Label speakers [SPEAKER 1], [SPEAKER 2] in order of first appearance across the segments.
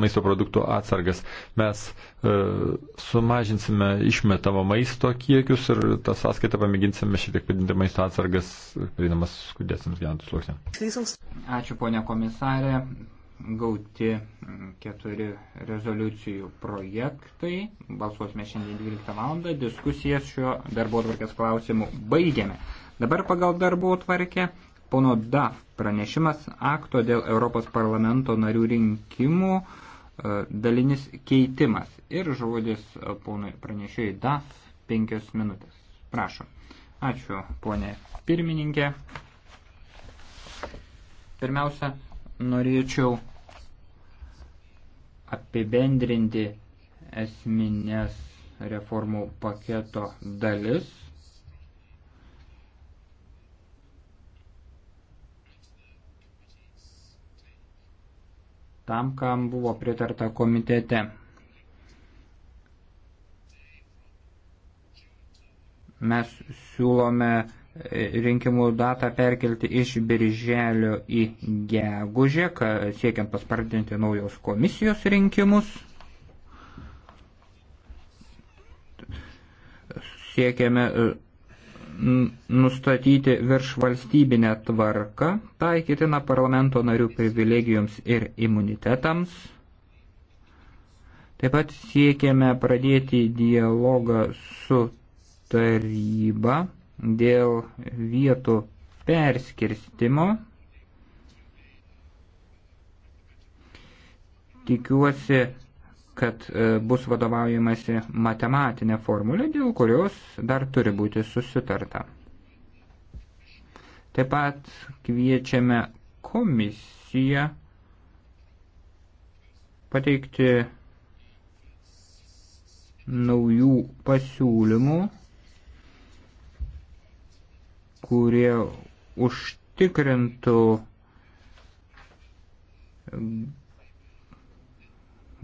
[SPEAKER 1] maisto produktų atsargas. Mes e, sumažinsime išmetamo maisto kiekius ir tą sąskaitą pamėginsime šiek tiek padinti maisto atsargas, prieinamas skudėsiams gyventojų
[SPEAKER 2] sluoksniams. Ačiū, ponia komisarė. Gauti keturi rezoliucijų projektai. Balsuosime šiandien 12 val. Diskusijas šio darbo atvarkės klausimų baigiame. Dabar pagal darbo atvarkę pono DAF pranešimas akto dėl Europos parlamento narių rinkimų E, dalinis keitimas. Ir žodis e, ponui pranešėjai DAF penkios minutės. Prašom. Ačiū, ponė pirmininkė. Pirmiausia, norėčiau apibendrinti esminės reformų paketo dalis tam, kam buvo pritarta komitete. Mes siūlome e, rinkimų datą perkelti iš birželio į gegužę, siekiant paspartinti naujos komisijos rinkimus. Siekiame e, nustatyti virš valstybinę tvarką, taikytina parlamento narių privilegijoms ir imunitetams. Taip pat siekėme pradėti dialogą su taryba dėl vietų perskirstimo. Tikiuosi, kad e, bus vadovaujamasi matematinė formulė, dėl kurios dar turi būti susitarta. Taip pat kviečiame komisiją pateikti naujų pasiūlymų, kurie užtikrintų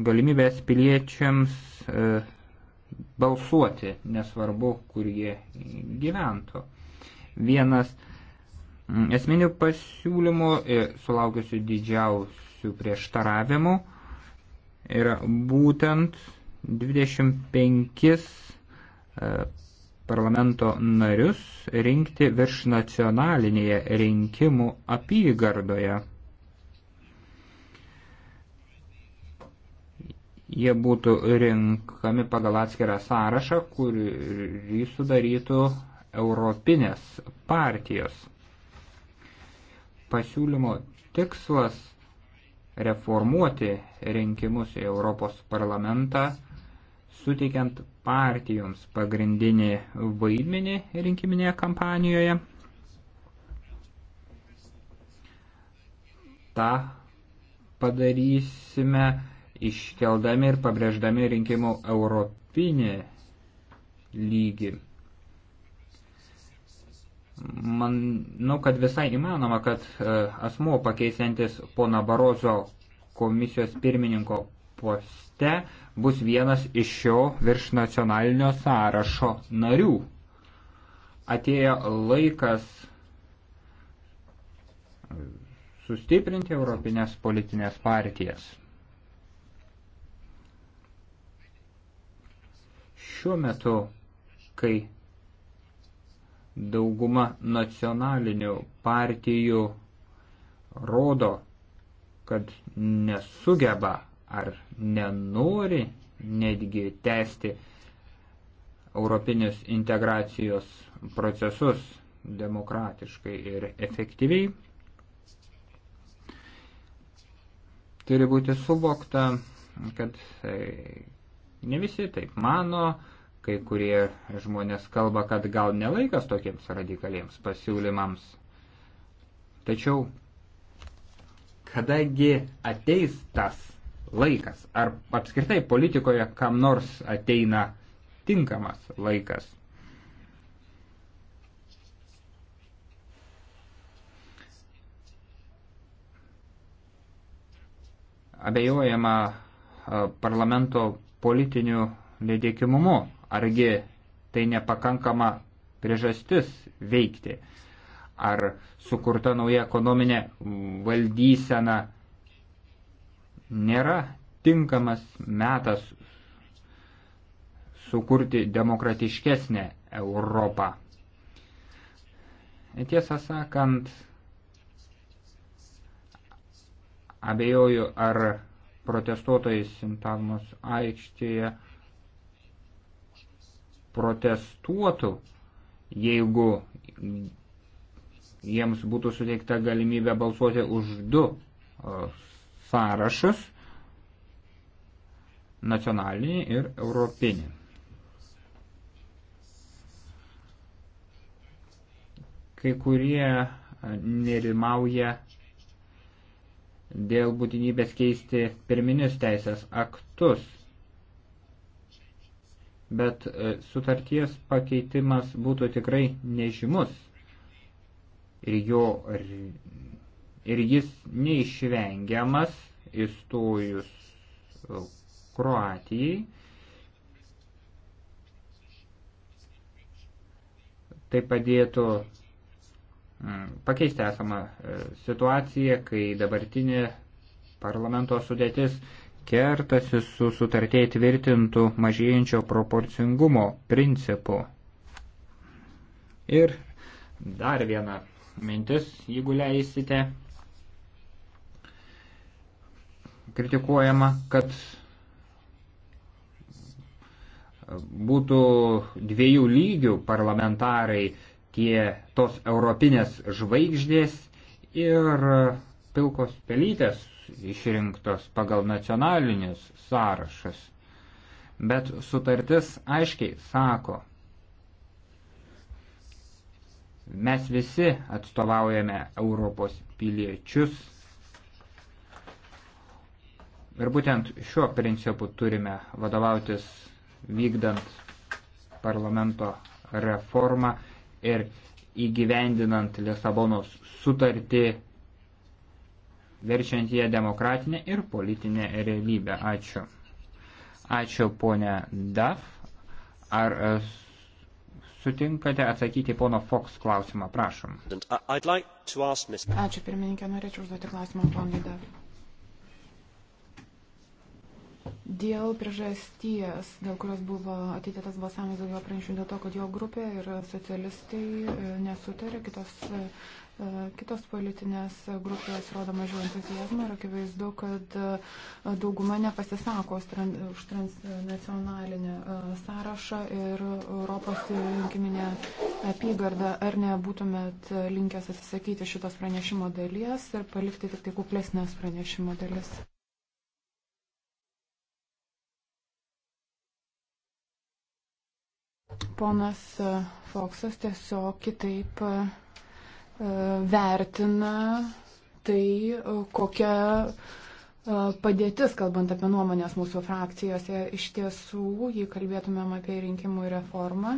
[SPEAKER 2] galimybės piliečiams e, balsuoti, nesvarbu, kur jie gyventų. Vienas esminių pasiūlymų sulaukiusių didžiausių prieštaravimų yra būtent 25 e, parlamento narius rinkti virš nacionalinėje rinkimų apygardoje. jie būtų rinkami pagal atskirą sąrašą, kurį sudarytų europinės partijos. Pasiūlymo tikslas reformuoti rinkimus į Europos parlamentą, suteikiant partijoms pagrindinį vaidmenį rinkiminėje kampanijoje. Ta padarysime iškeldami ir pabrėždami rinkimų europinį lygį. Manau, kad visai įmanoma, kad e, asmuo pakeisantis pono Barozo komisijos pirmininko poste bus vienas iš šio virš nacionalinio sąrašo narių. Atėjo laikas sustiprinti Europinės politinės partijas. Šiuo metu, kai dauguma nacionalinių partijų rodo, kad nesugeba ar nenori netgi tęsti europinius integracijos procesus demokratiškai ir efektyviai, turi būti suvokta, kad Ne visi taip mano, kai kurie žmonės kalba, kad gal nelaikas tokiems radikaliems pasiūlymams. Tačiau, kadangi ateis tas laikas, ar apskritai politikoje kam nors ateina tinkamas laikas. Abejojama parlamento politiniu nedėkimumu. Argi tai nepakankama priežastis veikti? Ar sukurta nauja ekonominė valdysena nėra tinkamas metas sukurti demokratiškesnę Europą? Tiesą sakant, abejoju, ar protestuotojai Sintalmos aikštėje protestuotų, jeigu jiems būtų suteikta galimybė balsuoti už du sąrašus - nacionalinį ir europinį. Kai kurie nerimauja dėl būtinybės keisti pirminius teisės aktus. Bet e, sutarties pakeitimas būtų tikrai nežymus ir, jo, ir jis neišvengiamas įstojus e, Kroatijai. Tai padėtų Mm, pakeisti esamą e, situaciją, kai dabartinė parlamento sudėtis kertasi su sutartėje tvirtintų mažėjančio proporcingumo principu. Ir dar viena mintis, jeigu leisite, kritikuojama, kad būtų dviejų lygių parlamentarai tie tos europinės žvaigždės ir pilkos pelytės išrinktos pagal nacionalinius sąrašus. Bet sutartis aiškiai sako, mes visi atstovaujame Europos piliečius ir būtent šiuo principu turime vadovautis vykdant parlamento reformą ir įgyvendinant Lisabonos sutartį, verčiant ją demokratinę ir politinę realybę. Ačiū. Ačiū ponė Daf. Ar e, sutinkate atsakyti pono Fox klausimą? Prašom.
[SPEAKER 3] Ačiū pirmininkė, norėčiau užduoti klausimą ponui Daf. Dėl priežasties, dėl kurios buvo atidėtas balsavimas dėl jo pranešimų, dėl to, kad jo grupė ir socialistai e, nesutarė, kitos, e, kitos politinės grupės rodo mažiau entuzijazmo ir akivaizdu, kad e, dauguma nepasisako už transnacionalinį sąrašą ir Europos rinkiminę apygardą. Ar nebūtumėt linkęs atsisakyti šitos pranešimo dalies ir palikti tik tai kuklesnės pranešimo dalis? Ponas e, Foksas tiesiog kitaip e, e, vertina tai, kokia padėtis, kalbant apie nuomonės mūsų frakcijose, iš tiesų, jei kalbėtumėm apie rinkimų reformą,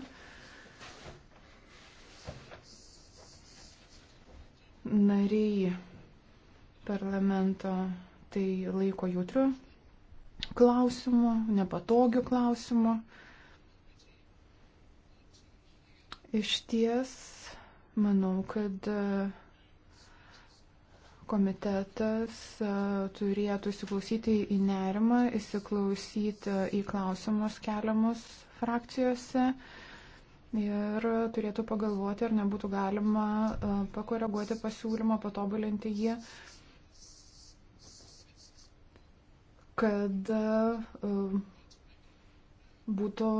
[SPEAKER 3] nariai parlamento tai laiko jautriu klausimu, nepatogiu klausimu. Iš ties, manau, kad e, komitetas e, turėtų įsiklausyti į nerimą, įsiklausyti į klausimus keliamus frakcijose ir turėtų pagalvoti, ar nebūtų galima e, pakoreguoti pasiūlymą, patobulinti jį, kad būtų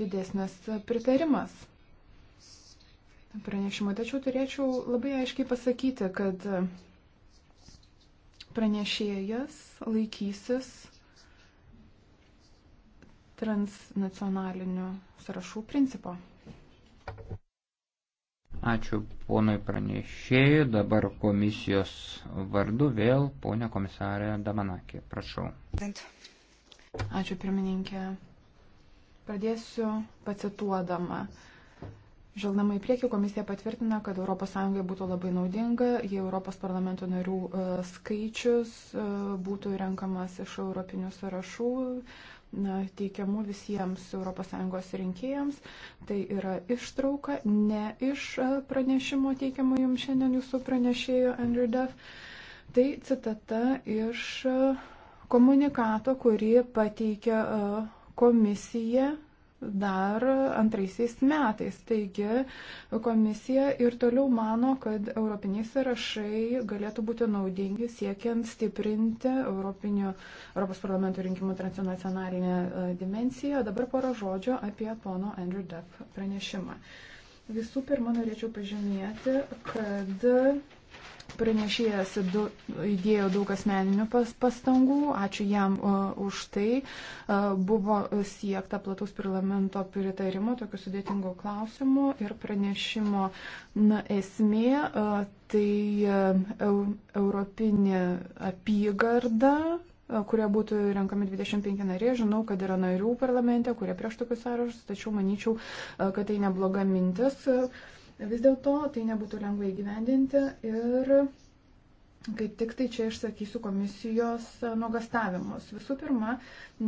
[SPEAKER 3] didesnis pritarimas pranešimo. Tačiau turėčiau labai aiškiai pasakyti, kad pranešėjas laikysis transnacionalinių sąrašų principo.
[SPEAKER 2] Ačiū ponui pranešėjui, dabar komisijos vardu vėl ponė komisarė Damanakė, prašau.
[SPEAKER 3] Ačiū pirmininkė. Pradėsiu pacituodama. Žvelgdama į priekį, komisija patvirtina, kad ES būtų labai naudinga, jei Europos parlamento narių e, skaičius e, būtų renkamas iš europinių sąrašų na, teikiamų visiems ES rinkėjams. Tai yra ištrauka, ne iš e, pranešimo teikiamo jums šiandien jūsų pranešėjo Andrew Duff. Tai citata iš komunikato, kurį pateikė komisija dar antraisiais metais. Taigi komisija ir toliau mano, kad europiniai sąrašai galėtų būti naudingi siekiant stiprinti Europinio, Europos parlamento rinkimų transnacionalinę e, dimenciją. Dabar poro žodžio apie pono Andrew Duff pranešimą. Visų pirma, norėčiau pažymėti, kad Pranešėjas du, įdėjo daug asmeninių pas, pastangų, ačiū jam uh, už tai. Uh, buvo siekta platus parlamento pritarimo tokiu sudėtingu klausimu ir pranešimo na, esmė uh, tai uh, europinė apygarda kurie būtų renkami 25 nariai. Žinau, kad yra narių parlamente, kurie prieš tokius sąrašus, tačiau manyčiau, kad tai nebloga mintis. Uh, Vis dėlto tai nebūtų lengva įgyvendinti ir kaip tik tai čia išsakysiu komisijos nuogastavimus. Visų pirma,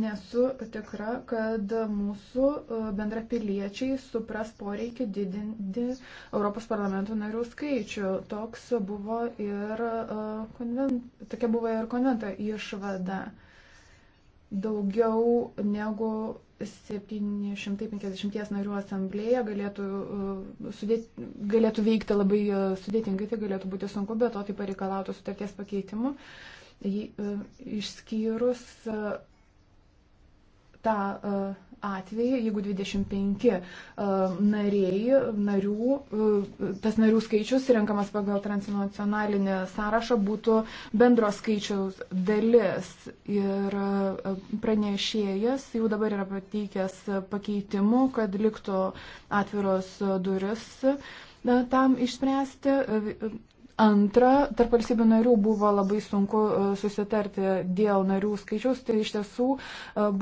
[SPEAKER 3] nesu tikra, kad mūsų e, bendrapiliečiai supras poreikį didinti Europos parlamento narių skaičių. Toks buvo ir, e, konvent, tokia buvo ir konvento išvada. Uh, daugiau negu 750 narių asamblėje galėtų, uh, sudėt, galėtų veikti labai uh, sudėtingai, tai galėtų būti sunku, bet to tai pareikalautų sutarties pakeitimu, uh, išskyrus tą atveju, jeigu 25 e, nariai, narių, e, tas narių skaičius renkamas pagal transnacionalinį sąrašą būtų bendro skaičiaus dalis. Ir e, pranešėjas jau dabar yra pateikęs pakeitimų, kad liktų atviros duris tam išspręsti Antra, tarp valstybių narių buvo labai sunku e, susitarti dėl narių skaičiaus, tai iš tiesų e,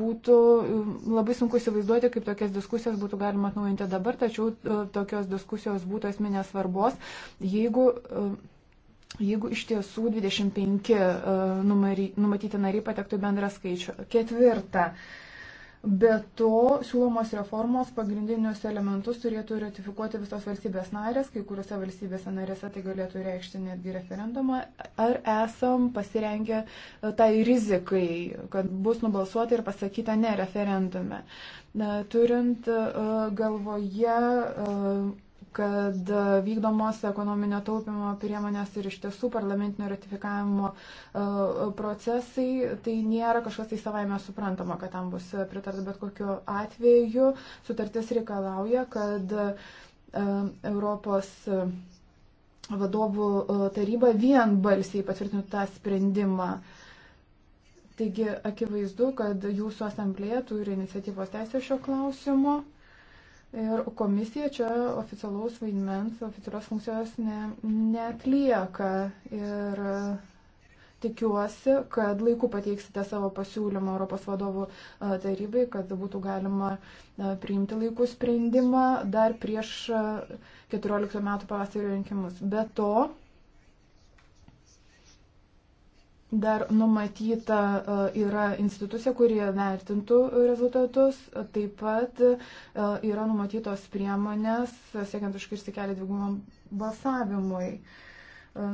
[SPEAKER 3] būtų e, labai sunku įsivaizduoti, kaip tokias diskusijas būtų galima atnaujinti dabar, tačiau tokios diskusijos būtų esminės svarbos, jeigu jeigu iš tiesų 25 numary, numatyti nariai patektų į bendrą skaičių. Ketvirta. Uh, Be to, siūlomos reformos pagrindinius elementus turėtų ratifikuoti visos valstybės narės, kai kuriuose valstybėse narėse tai galėtų reikšti netgi referendumą. Ar esam pasirengę e, tai rizikai, kad bus nubalsuota ir pasakyta ne referendume? Turint e, galvoje e, kad e, vykdomos ekonominio taupimo priemonės ir iš tiesų parlamentinio ratifikavimo e, procesai, tai nėra kažkas tai savaime suprantama, kad tam bus pritarta bet kokiu atveju. Sutartis reikalauja, kad e, Europos vadovų taryba vien balsiai patvirtintų tą sprendimą. Taigi akivaizdu, kad jūsų asamblėje turi iniciatyvos teisę šio klausimo. Ir komisija čia oficialaus vaidmens, oficialios funkcijos ne, netlieka. Ir e, tikiuosi, kad laiku pateiksite savo pasiūlymą Europos vadovų e, tarybai, kad būtų galima e, priimti laikų sprendimą dar prieš 14 metų pavasario rinkimus. Be to, Dar numatyta e, yra institucija, kurie vertintų rezultatus, taip pat e, yra numatytos priemonės, siekiant užkirsti kelią dvigumam balsavimui. E,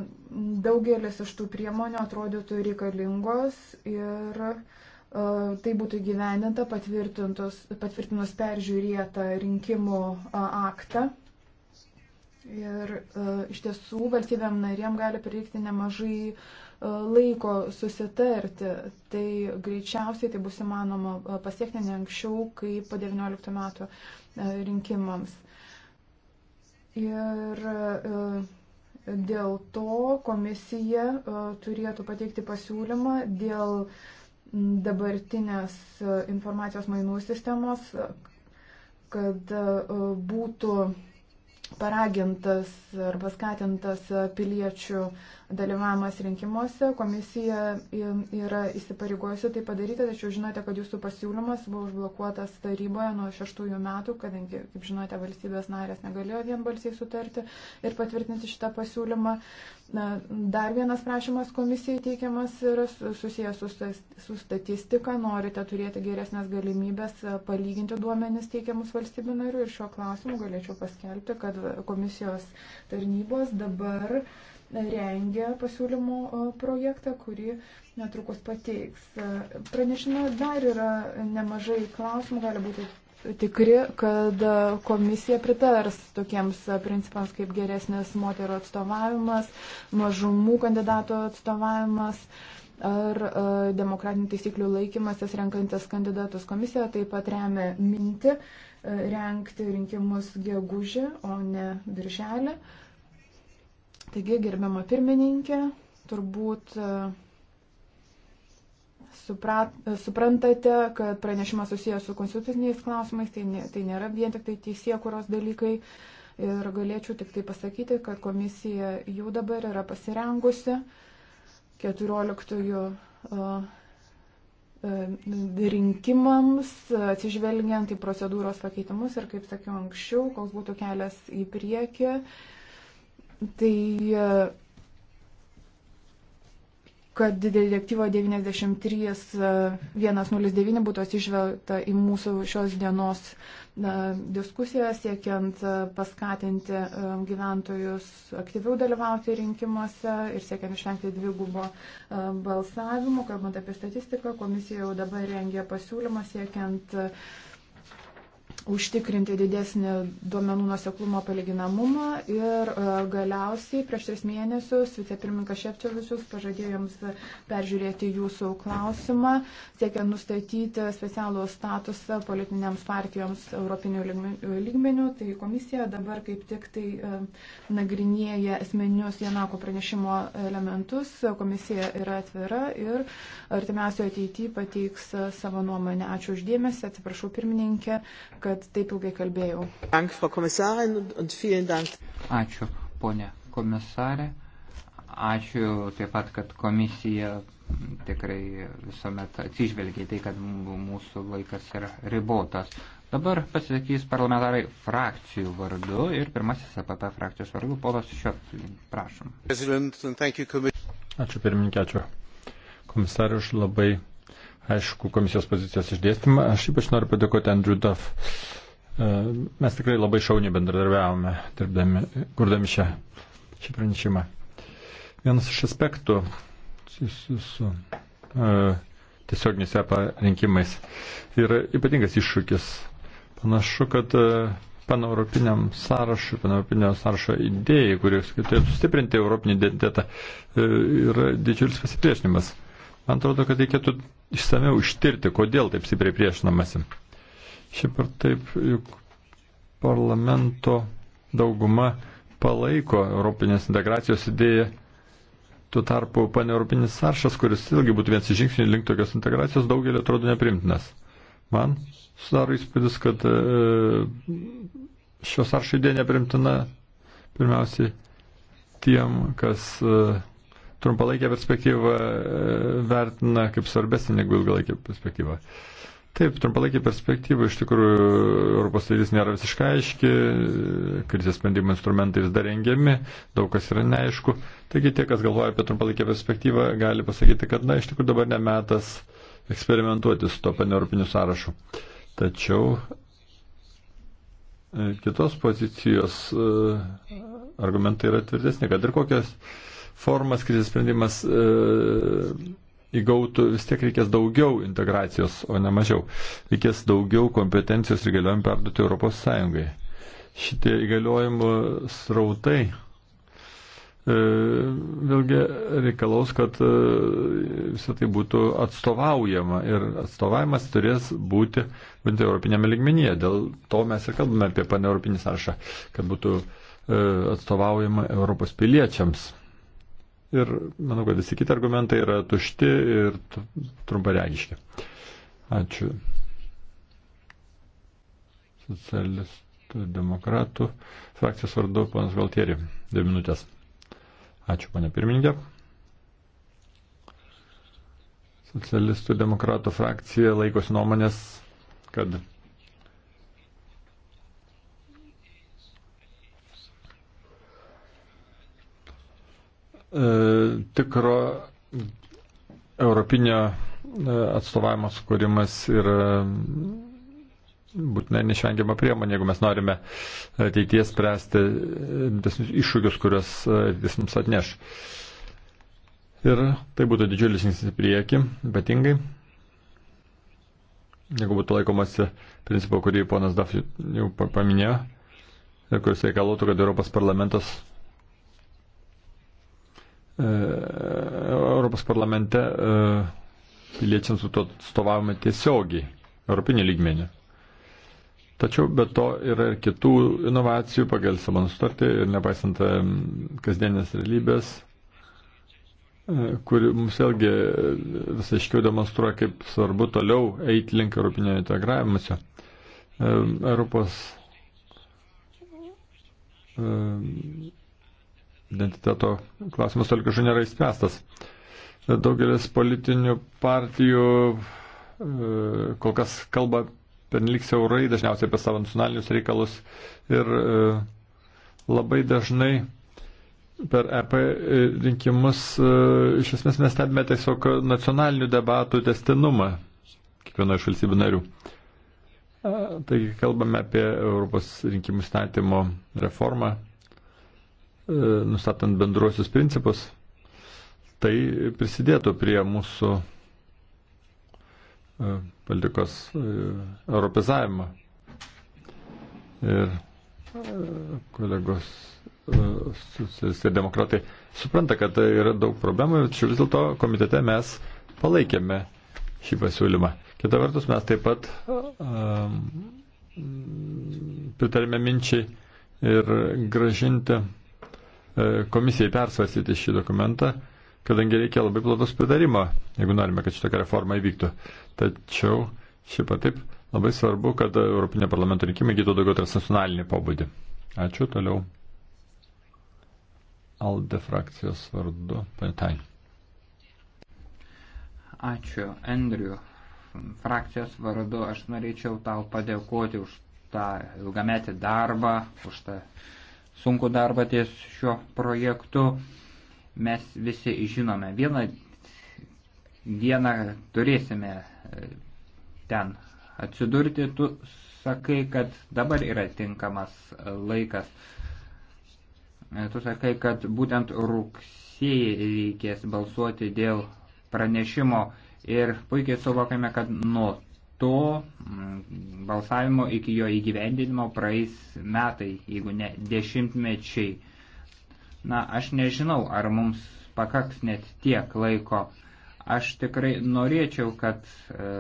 [SPEAKER 3] daugelis iš tų priemonių atrodytų reikalingos ir tai būtų gyveninta patvirtinus peržiūrėtą rinkimų aktą. Ir iš tiesų valstybėm narėm gali prireikti nemažai uh, laiko susitarti, tai greičiausiai tai bus įmanoma e, pasiekti ne anksčiau, kaip po 19 metų e, rinkimams. Ir e, dėl to komisija turėtų pateikti pasiūlymą dėl dabartinės informacijos mainų sistemos, kad būtų paragintas arba skatintas piliečių dalyvavimas rinkimuose. Komisija yra įsipareigojusi tai padaryti, tačiau žinote, kad jūsų pasiūlymas buvo užblokuotas taryboje nuo šeštųjų metų, kadangi, kaip žinote, valstybės narės negalėjo vienbalsiai sutarti ir patvirtinti šitą pasiūlymą. Dar vienas prašymas komisijai teikiamas yra susijęs su statistika. Norite turėti geresnės galimybės e, palyginti duomenis teikiamus valstybių narių ir šiuo klausimu galėčiau paskelbti, kad komisijos tarnybos dabar uh, rengia pasiūlymo projektą, kurį netrukus pateiks. Pranešime dar yra nemažai klausimų, gali būti tikri, kad komisija pritars tokiems principams kaip geresnis moterų atstovavimas, mažumų kandidato atstovavimas ar e, demokratinių taisyklių laikymasis renkantis kandidatus. Komisija taip pat remia minti e, renkti rinkimus gegužį, o ne birželį. Taigi, gerbiama pirmininkė, turbūt e, suprat, e, suprantate, kad pranešimas susijęs su konstituciniais klausimais, tai, ne, tai nėra vien tik tai teisėkuros dalykai. Ir galėčiau tik tai pasakyti, kad komisija jau dabar yra pasirengusi 14 e, rinkimams, atsižvelgiant į procedūros pakeitimus ir, kaip sakiau anksčiau, koks būtų kelias į priekį. Uh, Tai e, kad direktyvo 93.109 e, būtų atsižvelgta į mūsų šios dienos e, diskusiją, siekiant paskatinti gyventojus aktyviau dalyvauti rinkimuose ir siekiant išvengti dvigubo balsavimo. Kalbant apie statistiką, komisija jau dabar rengia pasiūlymą siekiant užtikrinti didesnį duomenų nuseklumo palyginamumą ir e, galiausiai prieš tris mėnesius vicepirmininkas Šepčiovičius pažadėjo jums peržiūrėti jūsų klausimą, siekiant nustatyti specialų statusą politiniams partijoms europinių lygmenių. Tai komisija dabar kaip tik tai e, nagrinėja esminius Janako pranešimo elementus. Komisija yra atvira ir artimiausioje ateityje pateiks savo nuomonę. Ačiū uždėmesi, atsiprašau pirmininkė, kad kad taip ilgai kalbėjau.
[SPEAKER 2] Ačiū, ponė komisarė. Ačiū taip pat, kad komisija tikrai visuomet atsižvelgia į tai, kad mūsų laikas yra ribotas. Dabar pasisakys parlamentarai frakcijų vardu ir pirmasis APP frakcijos vardu, Polas Šioplin, prašom.
[SPEAKER 4] Ačiū
[SPEAKER 1] pirmininkė, ačiū komisariu už labai aišku komisijos pozicijos išdėstymą. Aš ypač noriu padėkoti Andrew Duff. E, mes tikrai labai šauniai bendradarbiavome, dirbdami, kurdami šią, šį pranešimą. Vienas iš aspektų su, su e, uh, tiesioginiais EPA rinkimais yra ypatingas iššūkis. Panašu, kad uh, paneuropiniam sąrašui, paneuropinio sąrašo idėjai, kuris turėtų sustiprinti europinį identitetą, yra didžiulis pasipriešinimas. Man atrodo, kad reikėtų išsameu ištirti, kodėl taip stipriai priešinamasi. Šiaip ar taip, juk parlamento dauguma palaiko Europinės integracijos idėją. Tuo tarpu paneuropinis sąrašas, kuris ilgi būtų vienas žingsnis link tokios integracijos, daugelį atrodo neprimtinas. Man sudaro įspūdis, kad e, šios sąrašo idėja neprimtina pirmiausiai tiem, kas uh, trumpalaikę perspektyvą e, vertina kaip svarbesnį negu ilgalaikę perspektyvą. Taip, trumpalaikė perspektyva iš tikrųjų Europos ateitis nėra visiškai aiški, e, krizės sprendimo instrumentai vis dar rengiami, daug kas yra neaišku. Taigi tie, kas galvoja apie trumpalaikę perspektyvą, gali pasakyti, kad na, iš tikrųjų dabar nemetas eksperimentuoti su to paneuropiniu sąrašu. Tačiau e, kitos pozicijos argumentai yra tvirtesni, kad ir kokios formas krizės sprendimas e, įgautų, vis tiek reikės daugiau integracijos, o ne mažiau. Reikės daugiau kompetencijos ir galiojimų perduoti Europos Sąjungai. Šitie įgaliojimų srautai e, vėlgi reikalaus, kad e, visą tai būtų atstovaujama ir atstovavimas turės būti bent europinėme ligmenyje. Dėl to mes ir kalbame apie paneuropinį sąrašą, kad būtų e, atstovaujama Europos piliečiams. Ir manau, kad visi kiti argumentai yra tušti ir trumparegiški. Ačiū. Socialistų demokratų frakcijos vardu panas Galtieri. Dvi minutės. Ačiū, pane pirmininkė. Socialistų demokratų frakcija laikosi nuomonės, kad E, tikro europinio e, atstovavimo sukūrimas yra būtinai neišvengiama priemonė, jeigu mes norime ateities spręsti didesnius iššūkius, kurios e, jis mums atneš. Ir tai būtų didžiulis žingsnis į priekį, ypatingai, jeigu būtų laikomasi principo, kurį ponas Daf jau paminėjo, ir kuris reikalotų, kad Europos parlamentas E, Europos parlamente e, piliečiams atstovavome tiesiogiai, europinį lygmenį. Tačiau be to yra ir kitų inovacijų pagal savo nutartį ir nepaisant e, kasdienės realybės, kuri mums vėlgi visai iškiau demonstruoja, kaip svarbu toliau eiti link europinio integravimuose. Europos identiteto klausimas toli kažkaip nėra įspręstas. Daugelis politinių partijų e, kol kas kalba pernelik siaurai dažniausiai apie savo nacionalinius reikalus ir e, labai dažnai per EP rinkimus e, iš esmės mes stebime tiesiog nacionalinių debatų testinumą kiekvienoje iš valstybių narių. Taigi kalbame apie Europos rinkimų statymo reformą, E, nustatant bendruosius principus, tai prisidėtų prie mūsų e, politikos e, europizavimo. Ir kolegos socialistai ir demokratai supranta, kad tai yra daug problemų, tačiau vis dėlto komitete mes palaikėme šį pasiūlymą. Kita vertus, mes taip pat um, pritarėme minčiai ir gražinti E, komisijai persvarstyti šį dokumentą, kadangi reikia labai platus pritarimo, jeigu norime, kad šitokia reforma įvyktų. Tačiau šiaip taip labai svarbu, kad Europinė parlamento rinkimai gytų daugiau transnacionalinį pobūdį. Ačiū toliau. Alde frakcijos vardu. Pantai.
[SPEAKER 2] Ačiū, Andriu. Frakcijos vardu aš norėčiau tau padėkoti už tą ilgametį darbą, už tą sunku darbą ties šiuo projektu. Mes visi žinome, vieną dieną turėsime e, ten atsidurti. Tu sakai, kad dabar yra tinkamas e, laikas. E, tu sakai, kad būtent rugsėjai reikės balsuoti dėl pranešimo ir puikiai suvokame, kad nuo to mm, balsavimo iki jo įgyvendinimo praeis metai, jeigu ne dešimtmečiai. Na, aš nežinau, ar mums pakaks net tiek laiko. Aš tikrai norėčiau, kad e,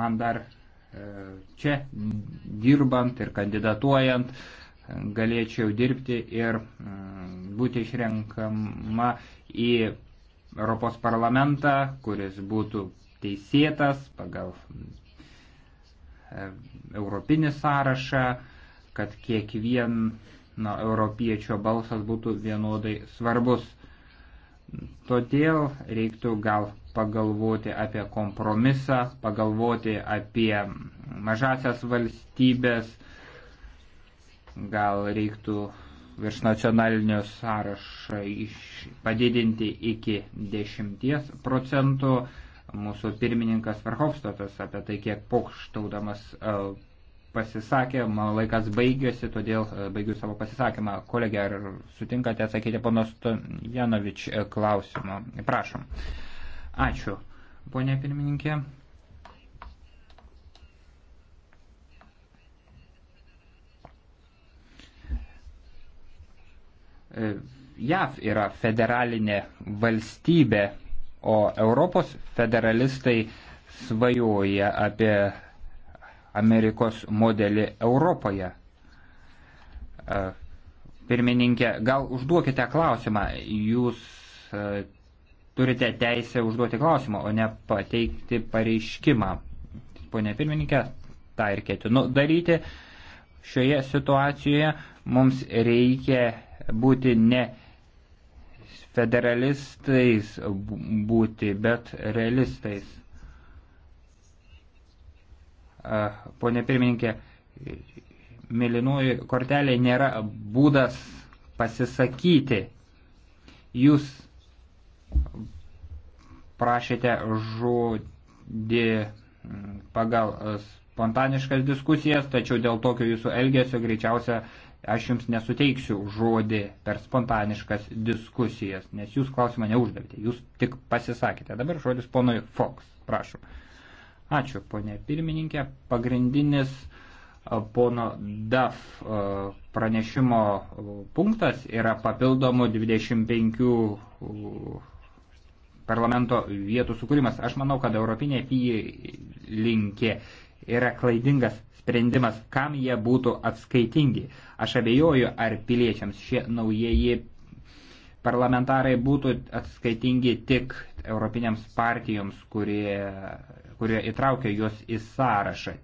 [SPEAKER 2] man dar e, čia dirbant ir kandidatuojant galėčiau dirbti ir m, mm, būti išrenkama į Europos parlamentą, kuris būtų teisėtas pagal e, europinį sąrašą, kad kiekvieno europiečio balsas būtų vienodai svarbus. Todėl reiktų gal pagalvoti apie kompromisą, pagalvoti apie mažasias valstybės, gal reiktų virš nacionalinio sąrašą iš, padidinti iki 10 procentų. Mūsų pirmininkas Verhofstadas apie tai, kiek pokštaudamas e, pasisakė, mano laikas baigėsi, todėl e, baigiu savo pasisakymą. Kolegė, ar sutinkate atsakyti ponos Janovič e, klausimą? Prašom. Ačiū, ponė pirmininkė. JAV yra federalinė valstybė o Europos federalistai svajoja apie Amerikos modelį Europoje. E, pirmininkė, gal užduokite klausimą. Jūs e, turite teisę užduoti klausimą, o ne pateikti pareiškimą. Pone pirmininkė, tą ir ketinu daryti. Šioje situacijoje mums reikia būti ne federalistais būti, bet realistais. Pone pirmininkė, mėlynoji kortelė nėra būdas pasisakyti. Jūs prašėte žodį pagal spontaniškas diskusijas, tačiau dėl tokio jūsų elgesio greičiausia aš jums nesuteiksiu žodį per spontaniškas diskusijas, nes jūs klausimą neuždavėte, jūs tik pasisakėte. Dabar žodis ponui Fox, prašom. Ačiū, ponė pirmininkė. Pagrindinis pono DAF pranešimo punktas yra papildomų 25 parlamento vietų sukūrimas. Aš manau, kad europinė apylinkė yra klaidingas sprendimas, kam jie būtų atskaitingi. Aš abejoju, ar piliečiams šie naujieji parlamentarai būtų atskaitingi tik europinėms partijoms, kurie, kurie įtraukia juos į sąrašą.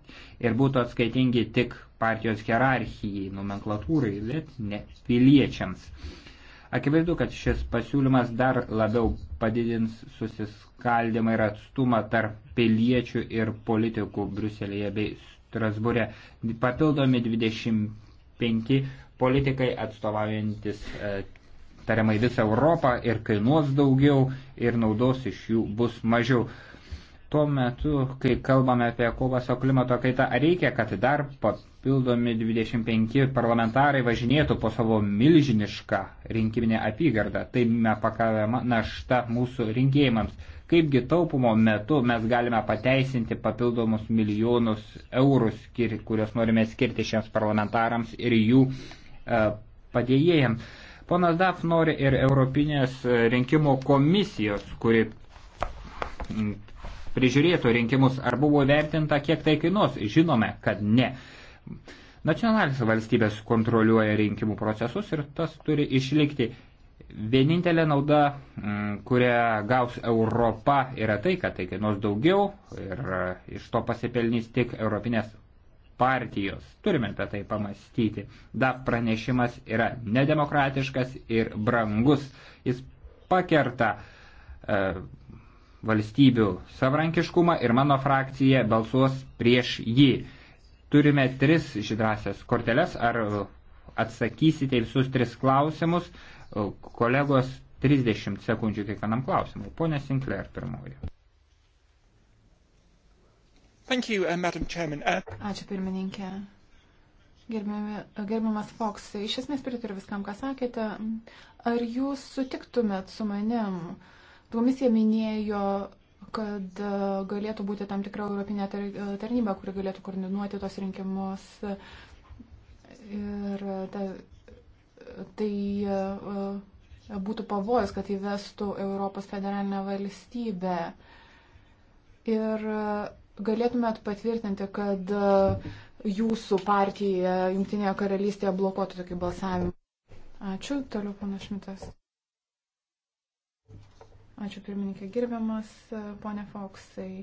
[SPEAKER 2] Ir būtų atskaitingi tik partijos hierarchijai, nomenklatūrai, bet ne piliečiams. Akivaizdu, kad šis pasiūlymas dar labiau padidins susiskaldimą ir atstumą tarp piliečių ir politikų Bruselėje bei Strasbūre. Papildomi 25 politikai atstovaujantis e, tariamai visą Europą ir kainuos daugiau ir naudos iš jų bus mažiau tuo metu, kai kalbame apie kovą su klimato kaita, ar reikia, kad dar papildomi 25 parlamentarai važinėtų po savo milžinišką rinkiminę apygardą? Tai nepakavama našta mūsų rinkėjimams. Kaipgi taupumo metu mes galime pateisinti papildomus milijonus eurų, kuriuos norime skirti šiems parlamentarams ir jų e, padėjėjams. Ponas Daf nori ir Europinės rinkimų komisijos, kuri prižiūrėtų rinkimus, ar buvo vertinta, kiek tai kainuos. Žinome, kad ne. Nacionalinės valstybės kontroliuoja rinkimų procesus ir tas turi išlikti. Vienintelė nauda, mm, kurią gaus Europa, yra tai, kad tai kainuos daugiau ir e, iš to pasipelnys tik europinės partijos. Turime apie tai pamastyti. DAF pranešimas yra nedemokratiškas ir brangus. Jis pakerta uh, valstybių savrankiškumą ir mano frakcija balsuos prieš jį. Turime tris žydrasias korteles, ar atsakysite visus tris klausimus, kolegos 30 sekundžių kiekvienam klausimui. Pone Sinclair pirmoji. Thank you, uh, Madam Chairman. Uh...
[SPEAKER 3] Ačiū pirmininkė. Uh, gerbiamas Fox, iš esmės pritariu viskam, ką sakėte. Ar jūs sutiktumėt su manim? Uh, Komisija minėjo, kad e, galėtų būti tam tikra europinė e, tarnyba, kuri galėtų koordinuoti tos rinkimus. Ir e, ta, tai būtų pavojus, kad įvestų Europos federalinę valstybę. Ir galėtumėt patvirtinti, kad jūsų partija Junktinėje karalystėje blokuotų tokį balsavimą. Ačiū, toliau panašmitas. Ačiū pirmininkė, gerbiamas e, ponė Foksai.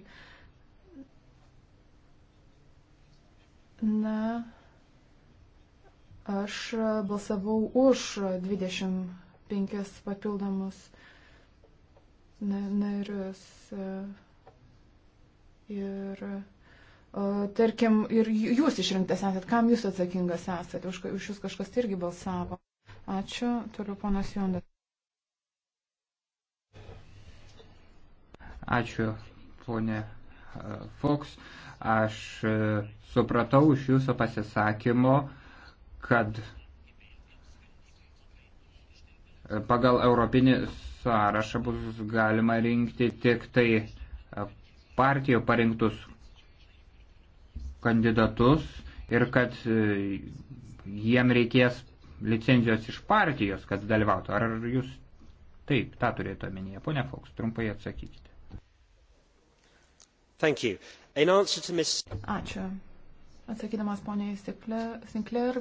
[SPEAKER 3] Na, aš balsavau už 25 papildomus narius. E, ir, e, tarkim, ir jūs išrinktas esat, kam jūs atsakingas esate, už, už jūs kažkas irgi balsavo. Ačiū, toliau ponas Jondas.
[SPEAKER 2] Ačiū, ponė e, Fox. Aš e, supratau iš jūsų pasisakymo, kad e, pagal europinį sąrašą bus galima rinkti tik tai partijų parinktus kandidatus ir kad jiem reikės licenzijos iš partijos, kad dalyvautų. Ar jūs taip, tą turėjote omenyje? Pone Foks, trumpai atsakykite. Ačiū.
[SPEAKER 3] Atsakydamas poniai Sinclair,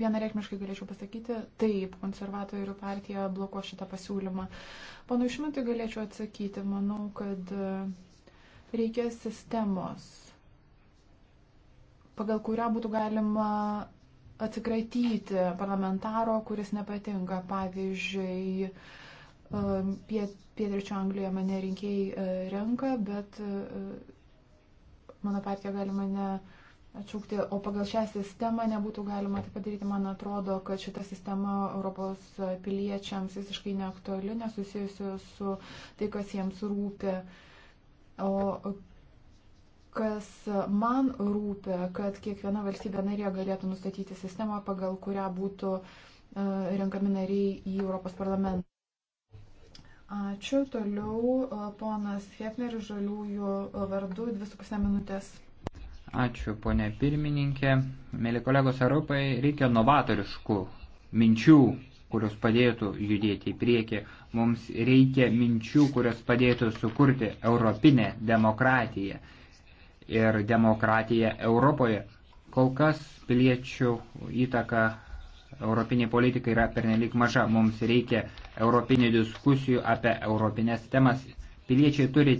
[SPEAKER 3] vienareikmiškai galėčiau pasakyti, taip, konservatorių partija bloko šitą pasiūlymą. Panu Išmintui galėčiau atsakyti, manau, kad e, reikia sistemos, pagal kurią būtų galima atsikratyti parlamentaro, kuris nepatinka. Pavyzdžiui, e, piet, pietričio Anglijoje mane rinkėjai e, renka, bet mano partija gali mane atšaukti, o pagal šią sistemą nebūtų galima tai padaryti. Man atrodo, kad šita sistema Europos piliečiams visiškai neaktuali, nesusijusi su tai, kas jiems rūpi. O kas man rūpi, kad kiekviena valstybė narė galėtų nustatyti sistemą, pagal kurią būtų e, renkami nariai į Europos parlamentą. Ačiū. Toliau e, ponas Hefneris žaliųjų vardu 2,5 minutės.
[SPEAKER 2] Ačiū, ponė pirmininkė. Mėly kolegos Europai, reikia novatoriškų minčių, kurios padėtų judėti į priekį. Mums reikia minčių, kurios padėtų sukurti europinę demokratiją ir demokratiją Europoje. Kol kas piliečių įtaka europinė politika yra pernelik maža. Mums reikia europinių diskusijų apie europinės temas. Piliečiai turi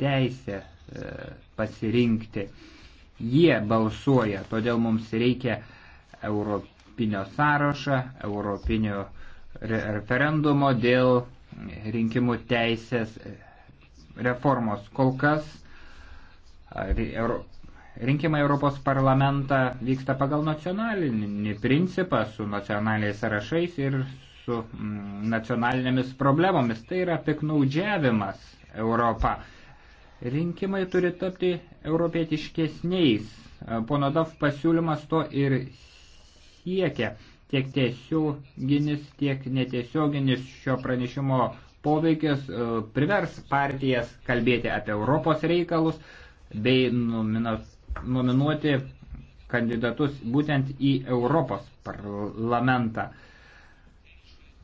[SPEAKER 2] teisę e, pasirinkti. Jie balsuoja, todėl mums reikia europinio sąrašą, europinio referendumo dėl rinkimų teisės e, reformos. Kol kas Euro rinkimai Europos parlamentą vyksta pagal nacionalinį principą su nacionaliniais sąrašais ir su mm, nacionalinėmis problemomis. Tai yra piknaudžiavimas Europą. Rinkimai turi tapti europietiškesniais. Pono Dav pasiūlymas to ir siekia. Tiek tiesioginis, tiek netiesioginis šio pranešimo poveikis e, privers partijas kalbėti apie Europos reikalus bei numinat nominuoti kandidatus būtent į Europos parlamentą.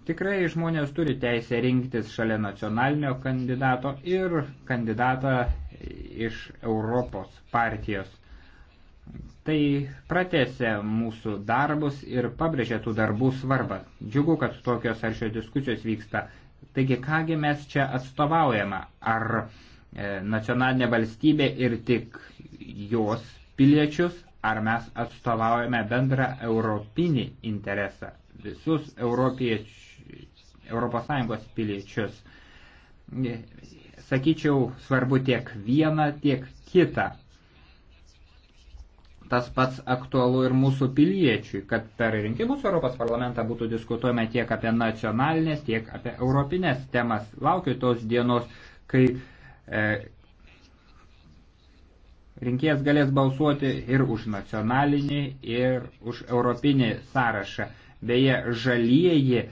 [SPEAKER 2] Tikrai žmonės turi teisę rinktis šalia nacionalinio kandidato ir kandidatą iš Europos partijos. Tai pratėse mūsų darbus ir pabrėžė tų darbų svarbą. Džiugu, kad tokios ar šios diskusijos vyksta. Taigi, kągi mes čia atstovaujame? Ar e, nacionalinė valstybė ir tik jos piliečius, ar mes atstovaujame bendrą europinį interesą, visus ES piliečius. Sakyčiau, svarbu tiek vieną, tiek kitą. Tas pats aktualu ir mūsų piliečiui, kad per rinkimus Europos parlamentą būtų diskutuojama tiek apie nacionalinės, tiek apie europinės temas. Laukiu tos dienos, kai e, rinkėjas galės balsuoti ir už nacionalinį, ir už europinį sąrašą. Beje, žalieji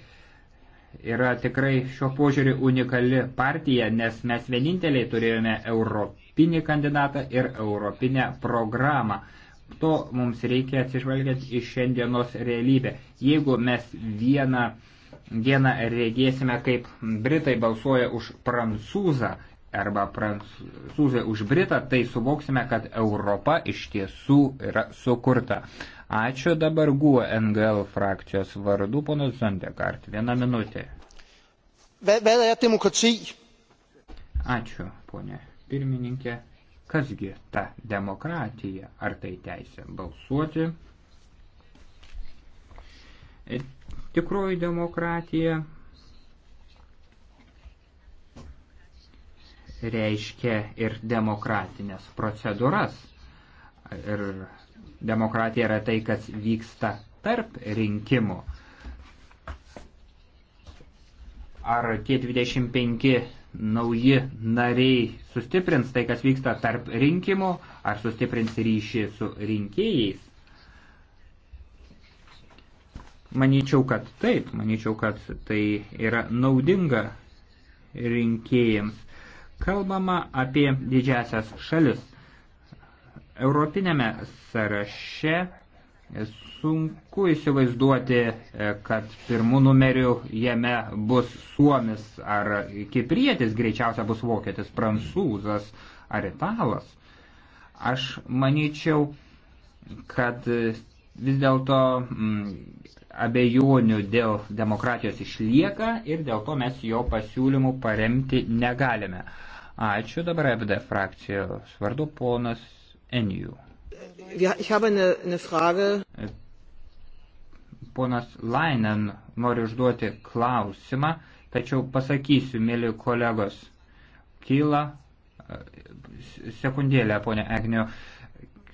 [SPEAKER 2] yra tikrai šio požiūrį unikali partija, nes mes vieninteliai turėjome europinį kandidatą ir europinę programą. To mums reikia atsižvelgiant į šiandienos realybę. Jeigu mes vieną dieną regėsime, kaip Britai balsuoja už prancūzą, arba prancūzai už Britą, tai suvoksime, kad Europa iš tiesų yra sukurta. Ačiū dabar GUO e NGL frakcijos vardu, ponas Zondekart. Viena minutė. Er Ačiū, ponė pirmininkė. Kasgi ta demokratija? Ar tai teisė balsuoti? E, tikroji demokratija reiškia ir demokratinės procedūras. Ir demokratija yra tai, kas vyksta tarp rinkimų. Ar tie 25 nauji nariai sustiprins tai, kas vyksta tarp rinkimų, ar sustiprins ryšį su rinkėjais? Manyčiau, kad taip, manyčiau, kad tai yra naudinga rinkėjams. Kalbama apie didžiasias šalis. Europinėme sąraše sunku įsivaizduoti, e, kad pirmų numerių jame bus suomis ar kiprietis, greičiausia bus vokietis, prancūzas ar italas. Aš manyčiau, kad vis dėlto mm, abejonių dėl demokratijos išlieka ir dėl to mes jo pasiūlymų paremti negalime. Ačiū dabar FD frakcijos vardu ponas Enijų. Ponas Lainen nori užduoti klausimą, tačiau pasakysiu, mėly kolegos, kyla e, sekundėlę, ponė Egnio,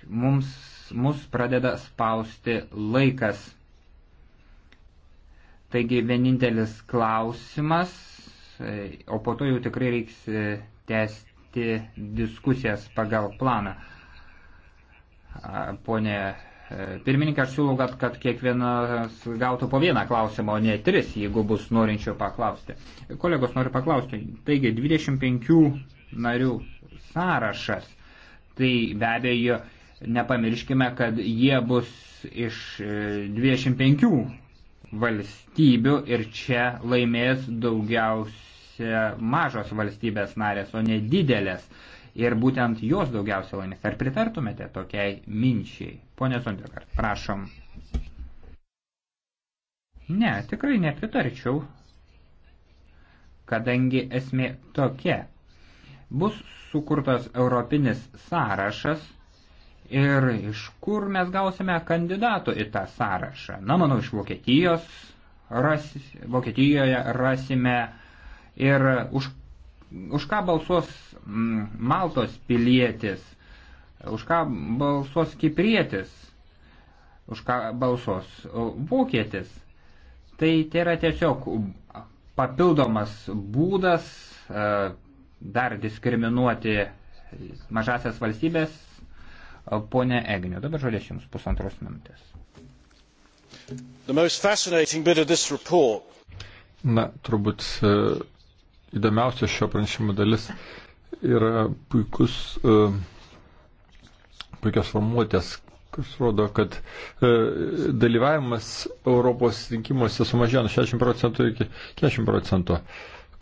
[SPEAKER 2] mums, mus pradeda spausti laikas. Taigi vienintelis klausimas, e, o po to jau tikrai reiks e, tęsti diskusijas pagal planą. Pone pirmininkė, aš siūlau, kad, kad kiekvienas gautų po vieną klausimą, o ne tris, jeigu bus norinčių paklausti. Kolegos noriu paklausti, taigi 25 narių sąrašas, tai be abejo nepamirškime, kad jie bus iš 25 e, valstybių ir čia laimės daugiausiai mažos valstybės narės, o ne didelės. Ir būtent jos daugiausia laimės. Ar pritartumėte tokiai minčiai? Pone Sondergaard, prašom. Ne, tikrai nepritarčiau, kadangi esmė tokia. Bus sukurtas europinis sąrašas ir iš kur mes gausime kandidatų į tą sąrašą? Na, manau, iš Vokietijos, ras, Vokietijoje rasime ir už, už ką balsuos mm, Maltos pilietis, už ką balsuos Kiprietis, už ką balsuos Vokietis. Tai tai yra tiesiog papildomas būdas e, dar diskriminuoti mažasias valstybės. Pone Egniu, dabar žodės Jums pusantros minutės.
[SPEAKER 1] Na, turbūt e, įdomiausia šio pranešimo dalis yra puikus, e, puikios formuotės, kas rodo, kad e, dalyvavimas Europos rinkimuose sumažėjo nuo 60 procentų iki 40 procentų.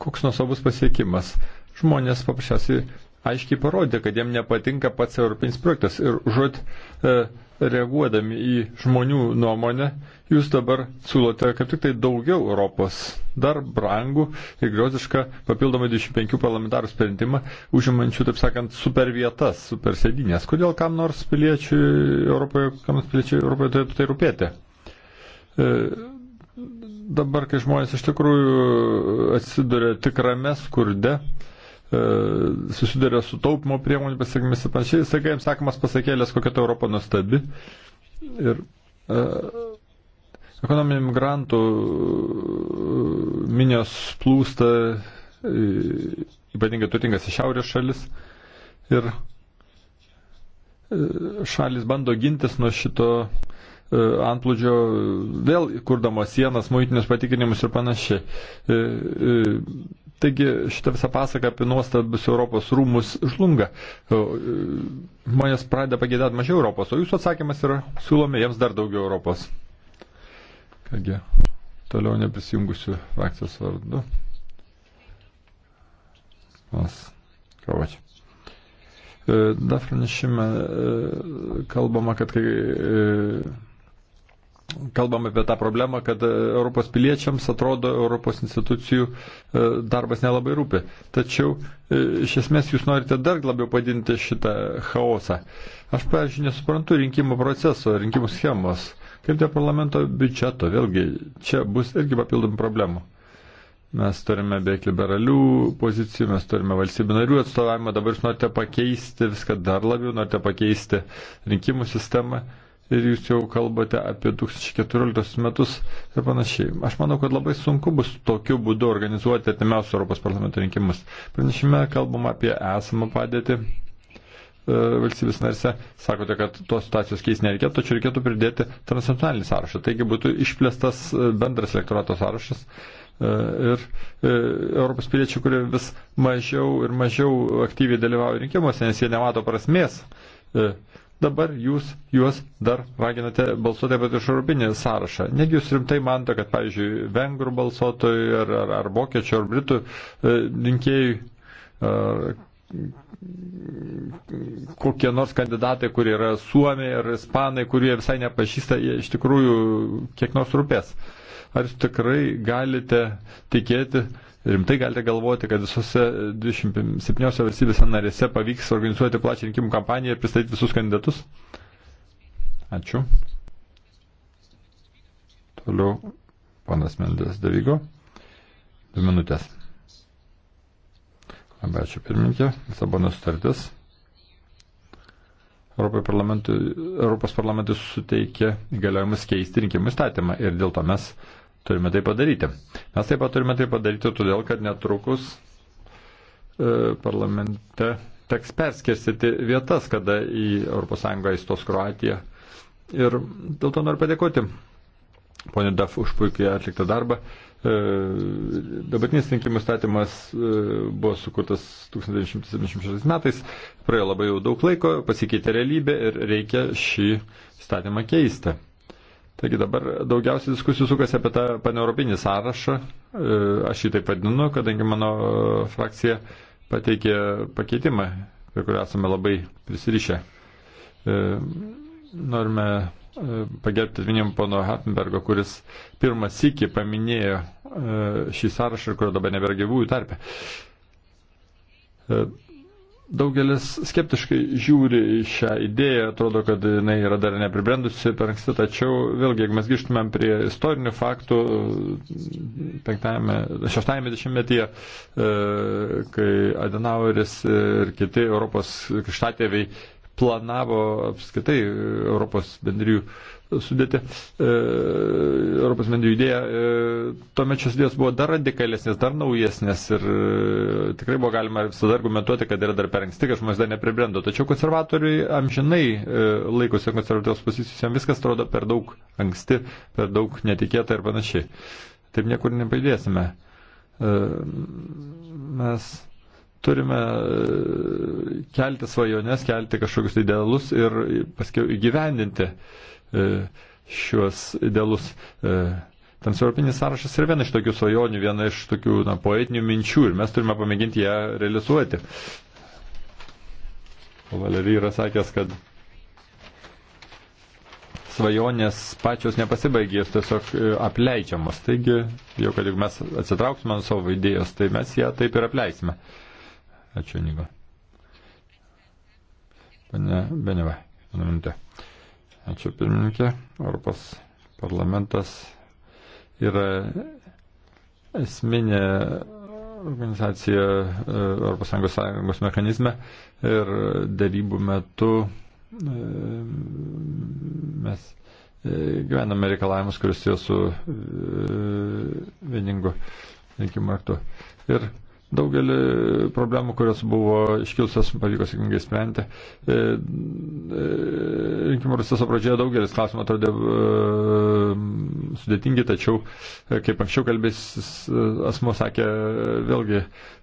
[SPEAKER 1] Koks nusabus pasiekimas? Žmonės paprasčiausiai aiškiai parodė, kad jiem nepatinka pats europinis projektas. Ir žod e, reaguodami į žmonių nuomonę, jūs dabar siūlote kaip tik tai daugiau Europos, dar brangų ir grozišką papildomą 25 parlamentarų sprendimą, užimančių, taip sakant, super vietas, super sėdinės. Kodėl kam nors piliečiui Europoje, kam nors piliečiui Europoje turėtų tai rūpėti? E, dabar, kai žmonės iš tikrųjų atsiduria tikrame skurde, E, susiduria su taupimo priemonių pasiekmėmis ir panašiai, staiga jiems sakomas pasakėlės, kokia ta Europa nuostabi. Ir e, ekonominių migrantų e, minios plūsta, e, ypatingai turtingas į šiaurės šalis. Ir e, šalis bando gintis nuo šito e, antplūdžio, vėl kurdamos sienas, muitinius patikrinimus ir panašiai. Taigi šitą visą pasaką apie nuostabius Europos rūmus žlunga. E, žmonės pradeda pagėdėti mažiau Europos, o jūsų atsakymas yra siūlome jiems dar daugiau Europos. Kągi, toliau neprisijungusių frakcijos vardu. Mas, kavačiu. E, dar pranešime e, kalbama, kad kai kalbam apie tą problemą, kad e, Europos piliečiams atrodo Europos institucijų e, darbas nelabai rūpi. Tačiau e, iš esmės jūs norite dar labiau padinti šitą chaosą. Aš, pavyzdžiui, nesuprantu rinkimų proceso, rinkimų schemos. Kaip dėl parlamento biudžeto, vėlgi, čia bus irgi papildomų problemų. Mes turime beveik liberalių pozicijų, mes turime valstybių narių atstovavimą, dabar jūs norite pakeisti viską dar labiau, norite pakeisti rinkimų sistemą ir jūs jau kalbate apie 2014 metus ir panašiai. Aš manau, kad labai sunku bus tokiu būdu organizuoti atimiausius Europos parlamento rinkimus. Pranešime kalbam apie esamą padėtį e, valstybės narse. Sakote, kad tos situacijos keis nereikėtų, tačiau reikėtų pridėti transnacionalinį sąrašą. Taigi būtų išplėstas bendras elektorato sąrašas. E, ir e, Europos piliečių, kurie vis mažiau ir mažiau aktyviai dalyvauja rinkimuose, nes jie nemato prasmės dabar jūs juos dar raginate balsuoti apie išorubinį sąrašą. Negi jūs rimtai manote, kad, pavyzdžiui, vengrų balsuotojų ar, ar, ar vokiečių ar britų e, rinkėjų kokie nors kandidatai, kurie yra suomiai ar ispanai, kurie visai nepažįsta, jie iš tikrųjų kiek nors rūpės. Ar jūs tikrai galite tikėti, rimtai galite galvoti, kad visose 27 valstybėse narėse pavyks organizuoti plačią rinkimų kampaniją ir pristatyti visus kandidatus? Ačiū. Toliau panas Mendes Davygo. Dvi minutės. Labai ačiū pirmininkė. Lisabonos sutartis. Europos parlamentui suteikė įgaliojimus keisti rinkimų statymą ir dėl to mes Turime tai padaryti. Mes taip pat turime tai padaryti todėl, kad netrukus e, parlamente teks perskirstyti vietas, kada į ES įstos Kroatija. Ir dėl to noriu padėkoti ponė Daf už puikiai atliktą darbą. E, Dabartinis rinkimų statymas e, buvo sukurtas 1976 metais, praėjo labai jau daug laiko, pasikeitė realybė ir reikia šį statymą keisti. Taigi dabar daugiausiai diskusijų sukasi apie tą paneuropinį sąrašą. E, aš jį taip vadinu, kadangi mano frakcija pateikė pakeitimą, prie kurio esame labai prisirišę. E, norime e, pagerbti atminim pono Hattenbergo, kuris pirmą sykį paminėjo šį sąrašą, kurio dabar nebėra gyvųjų tarpę. Daugelis skeptiškai žiūri į šią idėją, atrodo, kad jinai yra dar nepribrendusi per anksti, tačiau vėlgi, jeigu mes grįžtumėm prie istorinių faktų, šeštajame dešimtmetyje, e, kai Adenaueris ir kiti Europos krikštatėviai planavo apskaitai Europos bendrijų sudėti e, Europos bendrijų idėją, e, tuomet šios idėjos buvo dar radikalesnės, dar naujesnės ir e, tikrai buvo galima visada argumentuoti, kad yra dar per anksti, kad žmonės dar nepribrendo. Tačiau konservatoriai amžinai e, laikosi konservatyvos pozicijos, jam viskas atrodo per daug anksti, per daug netikėta ir panašiai. Taip niekur nepajudėsime. E, mes turime e, kelti svajones, kelti kažkokius tai idealus ir paskui įgyvendinti. E, E, šiuos idealus. E, Transeuropinis sąrašas yra viena iš tokių svajonių, viena iš tokių na, poetinių minčių ir mes turime pamėginti ją realizuoti. O Valerija yra sakęs, kad svajonės pačios nepasibaigė, jos tiesiog e, apleidžiamos. Taigi, jau kad jeigu mes atsitrauksime nuo savo idėjos, tai mes ją taip ir apleisime. Ačiū, Nygo. Pane Beneva, vieną minutę. Ačiū pirmininkė. Europos parlamentas yra esminė organizacija e, Europos Sąjungos, Sąjungos mechanizme ir darybų metu e, mes e, gyvename reikalavimus, kuris jie su vieningu rinkimų aktu. Ir Daugelį problemų, kurios buvo iškilusios, pavyko sėkmingai sprendti. E, e, rinkimų proceso pradžioje daugelis klausimų atrodė e, sudėtingi, tačiau, kaip anksčiau kalbės asmo sakė, vėlgi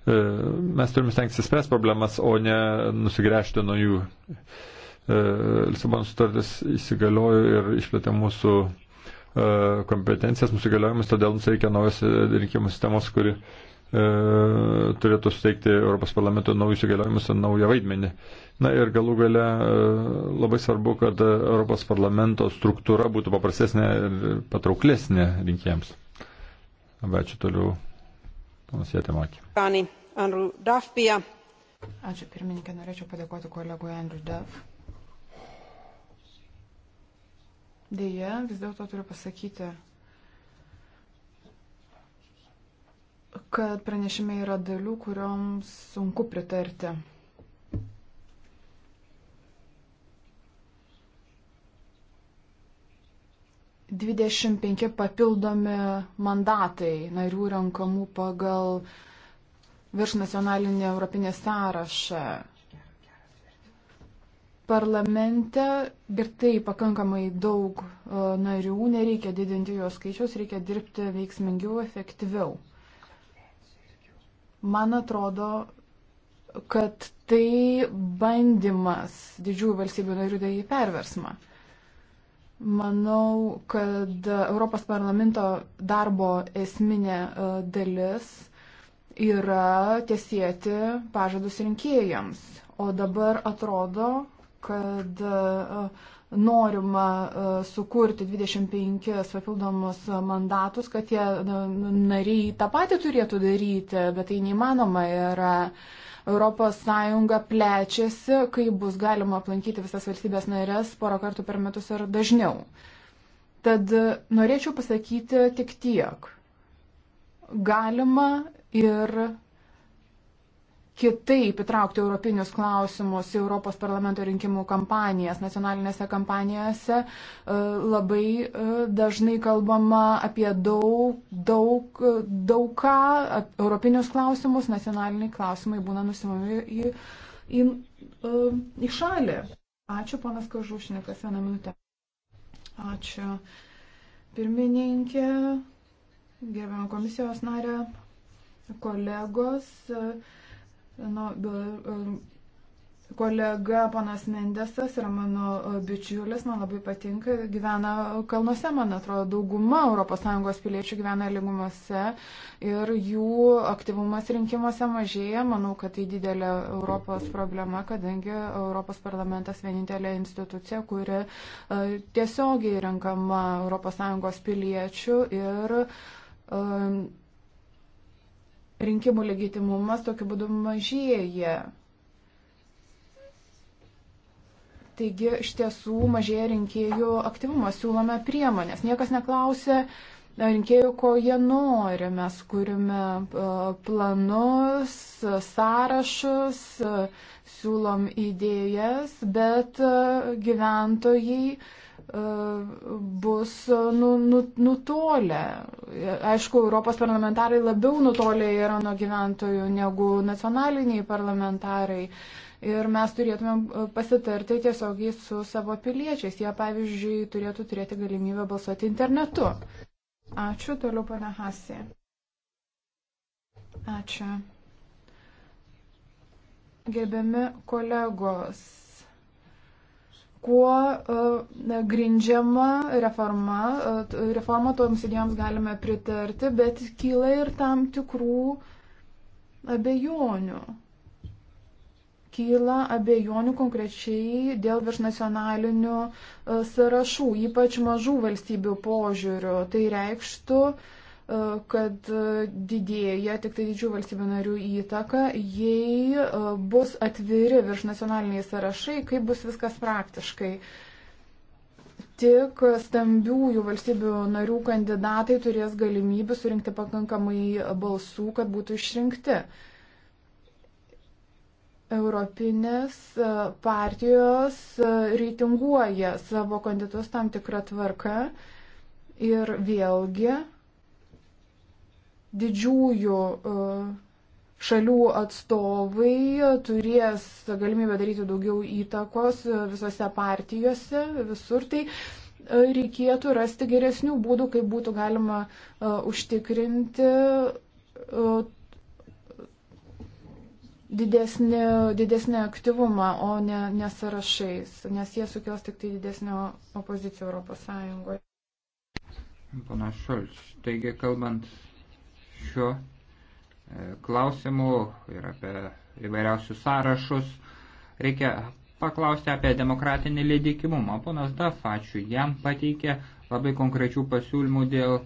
[SPEAKER 1] mes turime stengtis spręs problemas, o ne nusigręžti nuo jų. Lisabono sutartis įsigaliojo ir išplėtė mūsų kompetencijas, mūsų galiojimus, todėl mums reikia naujos rinkimų sistemos, kuri uh, E, turėtų suteikti Europos parlamento naujus įgaliojimus ir naują vaidmenį. Na ir galų gale e, labai svarbu, kad Europos parlamento struktūra būtų paprastesnė ir patrauklesnė rinkėjams. Ačiū toliau. Panas Jėtemakė.
[SPEAKER 3] Ačiū pirmininkė, norėčiau padėkoti kolegui Andrew Duff. Deja, vis dėlto turiu pasakyti, kad pranešime yra dalių, kurioms sunku pritarti. Dvidešimt penki papildomi mandatai narių renkamų pagal virš nacionalinį europinį sąrašą. Parlamente ir tai pakankamai daug e, narių, nereikia didinti jo skaičiaus, reikia dirbti veiksmingiau, efektyviau. Man atrodo, kad tai bandymas didžiųjų valstybių narių daryti perversmą. Manau, kad Europos parlamento darbo esminė e, dalis yra tiesėti pažadus rinkėjams. O dabar atrodo, kad e, norima e, sukurti 25 papildomus mandatus, kad tie e, nariai tą patį turėtų daryti, bet tai neįmanoma yra. E, ES plečiasi, kai bus galima aplankyti visas valstybės narės porą kartų per metus ir dažniau. Tad norėčiau pasakyti tik tiek. Galima ir kitaip įtraukti europinius klausimus į Europos parlamento rinkimų kampanijas. Nacionalinėse kampanijose e, labai e, dažnai kalbama apie daug, daug, daug ką, europinius klausimus, nacionaliniai klausimai būna nusimami į, į, e, į šalį. Ačiū, ponas Kažušnikas, vieną minutę. Ačiū, pirmininkė, gerbiam komisijos narė, kolegos. Uh, Nu, e, kolega panas Mendesas yra mano e, bičiulis, man labai patinka, gyvena kalnuose, man atrodo, dauguma ES piliečių gyvena lygumose ir jų aktyvumas rinkimuose mažėja. Manau, kad tai didelė Europos problema, kadangi Europos parlamentas vienintelė institucija, kuri e, tiesiogiai renkama ES piliečių ir rinkimų legitimumas tokiu būdu mažėja. Taigi iš tiesų mažėja rinkėjų aktyvumas, siūlome priemonės. Niekas neklausė e, rinkėjų, ko jie nori. Mes kūrime e, planus, sąrašus, e, siūlom idėjas, bet gyventojai E, bus e, nu, nu, nutolę. Aišku, Europos parlamentarai labiau nutolę yra nuo gyventojų negu nacionaliniai parlamentarai. Ir mes turėtumėm e, pasitarti tiesiogiai su savo piliečiais. Jie, pavyzdžiui, turėtų turėti galimybę balsuoti internetu. Ačiū, toliau pana Hasi. Ačiū. Gerbiami kolegos kuo e, na, grindžiama reforma, e, reforma toms idėjoms galime pritarti, bet kyla ir tam tikrų abejonių. Kyla abejonių konkrečiai dėl viršnacionalinių e, sąrašų, ypač mažų valstybių požiūrių. Tai reikštų uh, kad didėja tik tai didžių valstybių narių įtaka, jei e, bus atviri virš nacionaliniai sąrašai, kaip bus viskas praktiškai. Tik stambiųjų valstybių narių kandidatai turės galimybę surinkti pakankamai balsų, kad būtų išrinkti. Europinės e, partijos e, reitinguoja savo kandidatus tam tikrą tvarką ir vėlgi didžiųjų e, šalių atstovai turės galimybę daryti daugiau įtakos e, visose partijose, visur. Tai e, reikėtų rasti geresnių būdų, kaip būtų galima uh, užtikrinti uh, didesnį, didesnį aktyvumą, o ne, ne sąrašais, nes jie sukels tik tai didesnio opoziciją Europos Sąjungoje.
[SPEAKER 2] Panašalč, taigi kalbant šiuo e, klausimu ir apie įvairiausius sąrašus. Reikia paklausti apie demokratinį lydikimumą. Ponas Daf, ačiū, jam pateikė labai konkrečių pasiūlymų dėl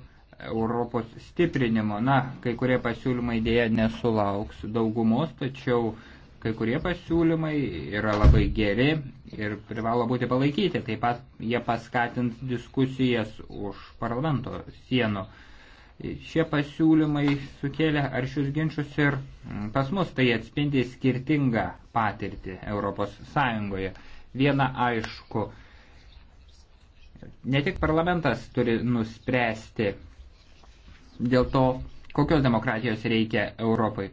[SPEAKER 2] Europos stiprinimo. Na, kai kurie pasiūlymai dėja nesulauks daugumos, tačiau kai kurie pasiūlymai yra labai geri ir privalo būti palaikyti. Taip pat jie paskatins diskusijas už parlamento sienų. Šie pasiūlymai sukėlė aršius ginčius ir pas mus tai atspindi skirtingą patirtį Europos Sąjungoje. Viena aišku, ne tik parlamentas turi nuspręsti dėl to, kokios demokratijos reikia Europai.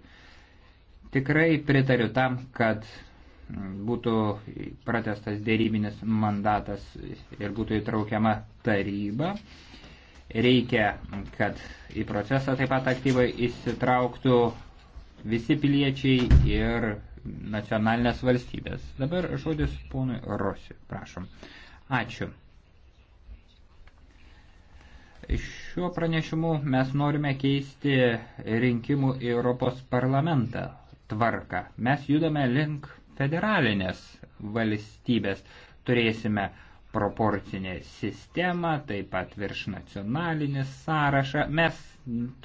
[SPEAKER 2] Tikrai pritariu tam, kad būtų pratestas dėrybinis mandatas ir būtų įtraukiama taryba. Reikia, kad į procesą taip pat aktyvai įsitrauktų visi piliečiai ir nacionalinės valstybės. Dabar žodis ponui Rosi, prašom. Ačiū. Šiuo pranešimu mes norime keisti rinkimų į Europos parlamentą tvarką. Mes judame link federalinės valstybės. Turėsime uh, proporcinę sistemą, taip pat virš nacionalinį sąrašą. Mes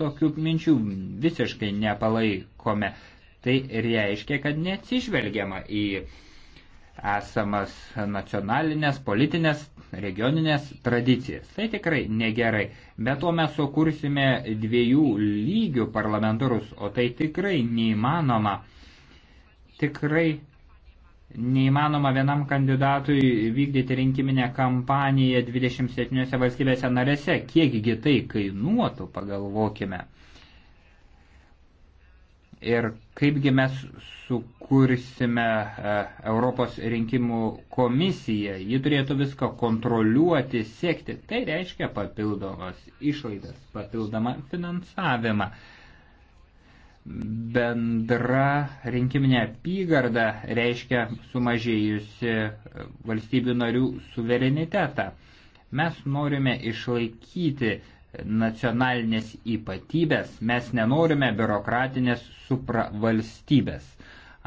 [SPEAKER 2] tokių minčių visiškai nepalaikome. Tai reiškia, kad neatsižvelgiama į esamas nacionalinės, politinės, regioninės tradicijas. Tai tikrai negerai. Bet to mes sukursime dviejų lygių parlamentarus, o tai tikrai neįmanoma. Tikrai neįmanoma vienam kandidatui vykdyti rinkiminę kampaniją 27 valstybėse narėse. Kiekgi tai kainuotų, pagalvokime. Ir kaipgi mes sukursime e, Europos rinkimų komisiją, ji turėtų viską kontroliuoti, siekti. Tai reiškia papildomas išlaidas, papildomą finansavimą bendra rinkiminė apygarda reiškia sumažėjusi e, valstybių narių suverenitetą. Mes norime išlaikyti nacionalinės ypatybės, mes nenorime biurokratinės supravalstybės.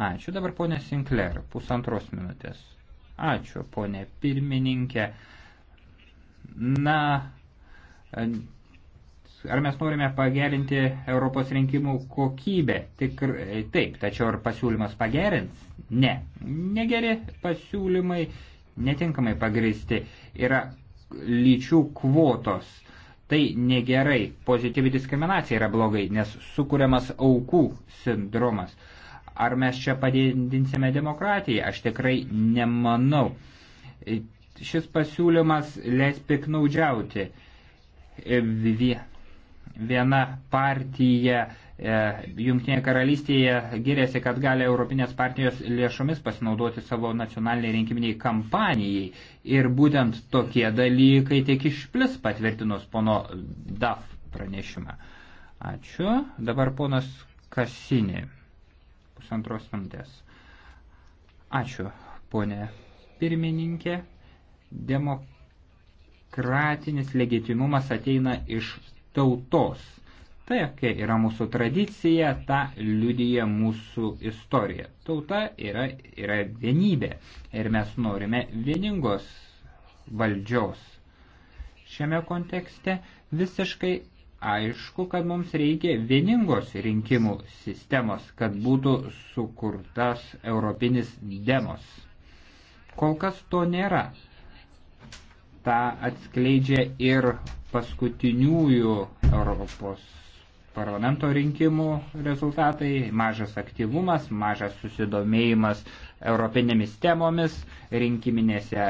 [SPEAKER 2] Ačiū dabar ponė Sinclair, pusantros minutės. Ačiū ponė pirmininkė. Na, ar mes norime pagerinti Europos rinkimų kokybę? Tikr, taip, tačiau ar pasiūlymas pagerins? Ne. Negeri pasiūlymai, netinkamai pagristi. Yra lyčių kvotos. Tai negerai. Pozityvi diskriminacija yra blogai, nes sukūriamas aukų sindromas. Ar mes čia padidinsime demokratiją? Aš tikrai nemanau. Šis pasiūlymas leis piknaudžiauti. Vivien viena partija e, Junktinėje karalystėje giriasi, kad gali Europinės partijos lėšomis pasinaudoti savo nacionaliniai rinkiminiai kampanijai. Ir būtent tokie dalykai tiek išplis patvirtinus pono DAF pranešimą. Ačiū. Dabar ponas Kasinė. Pusantros minutės. Ačiū, ponė pirmininkė. Demokratinis legitimumas ateina iš tautos. Tai, kai yra mūsų tradicija, ta liudyje mūsų istorija. Tauta yra, yra vienybė ir mes norime vieningos valdžios. Šiame kontekste visiškai aišku, kad mums reikia vieningos rinkimų sistemos, kad būtų sukurtas europinis demos. Kol kas to nėra tą atskleidžia ir paskutiniųjų Europos parlamento rinkimų rezultatai, mažas aktyvumas, mažas susidomėjimas europinėmis temomis, rinkiminėse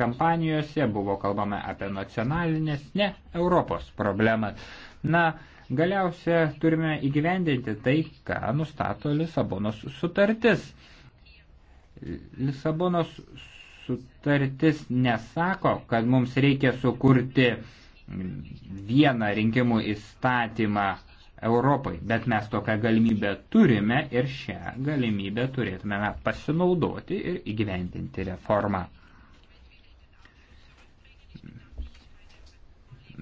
[SPEAKER 2] kampanijose buvo kalbama apie nacionalinės, ne Europos problemas. Na, galiausia turime įgyvendinti tai, ką nustato Lisabonos sutartis. Lisabonos sutartis nesako, kad mums reikia sukurti vieną rinkimų įstatymą Europai, bet mes tokią galimybę turime ir šią galimybę turėtume pasinaudoti ir įgyvendinti reformą.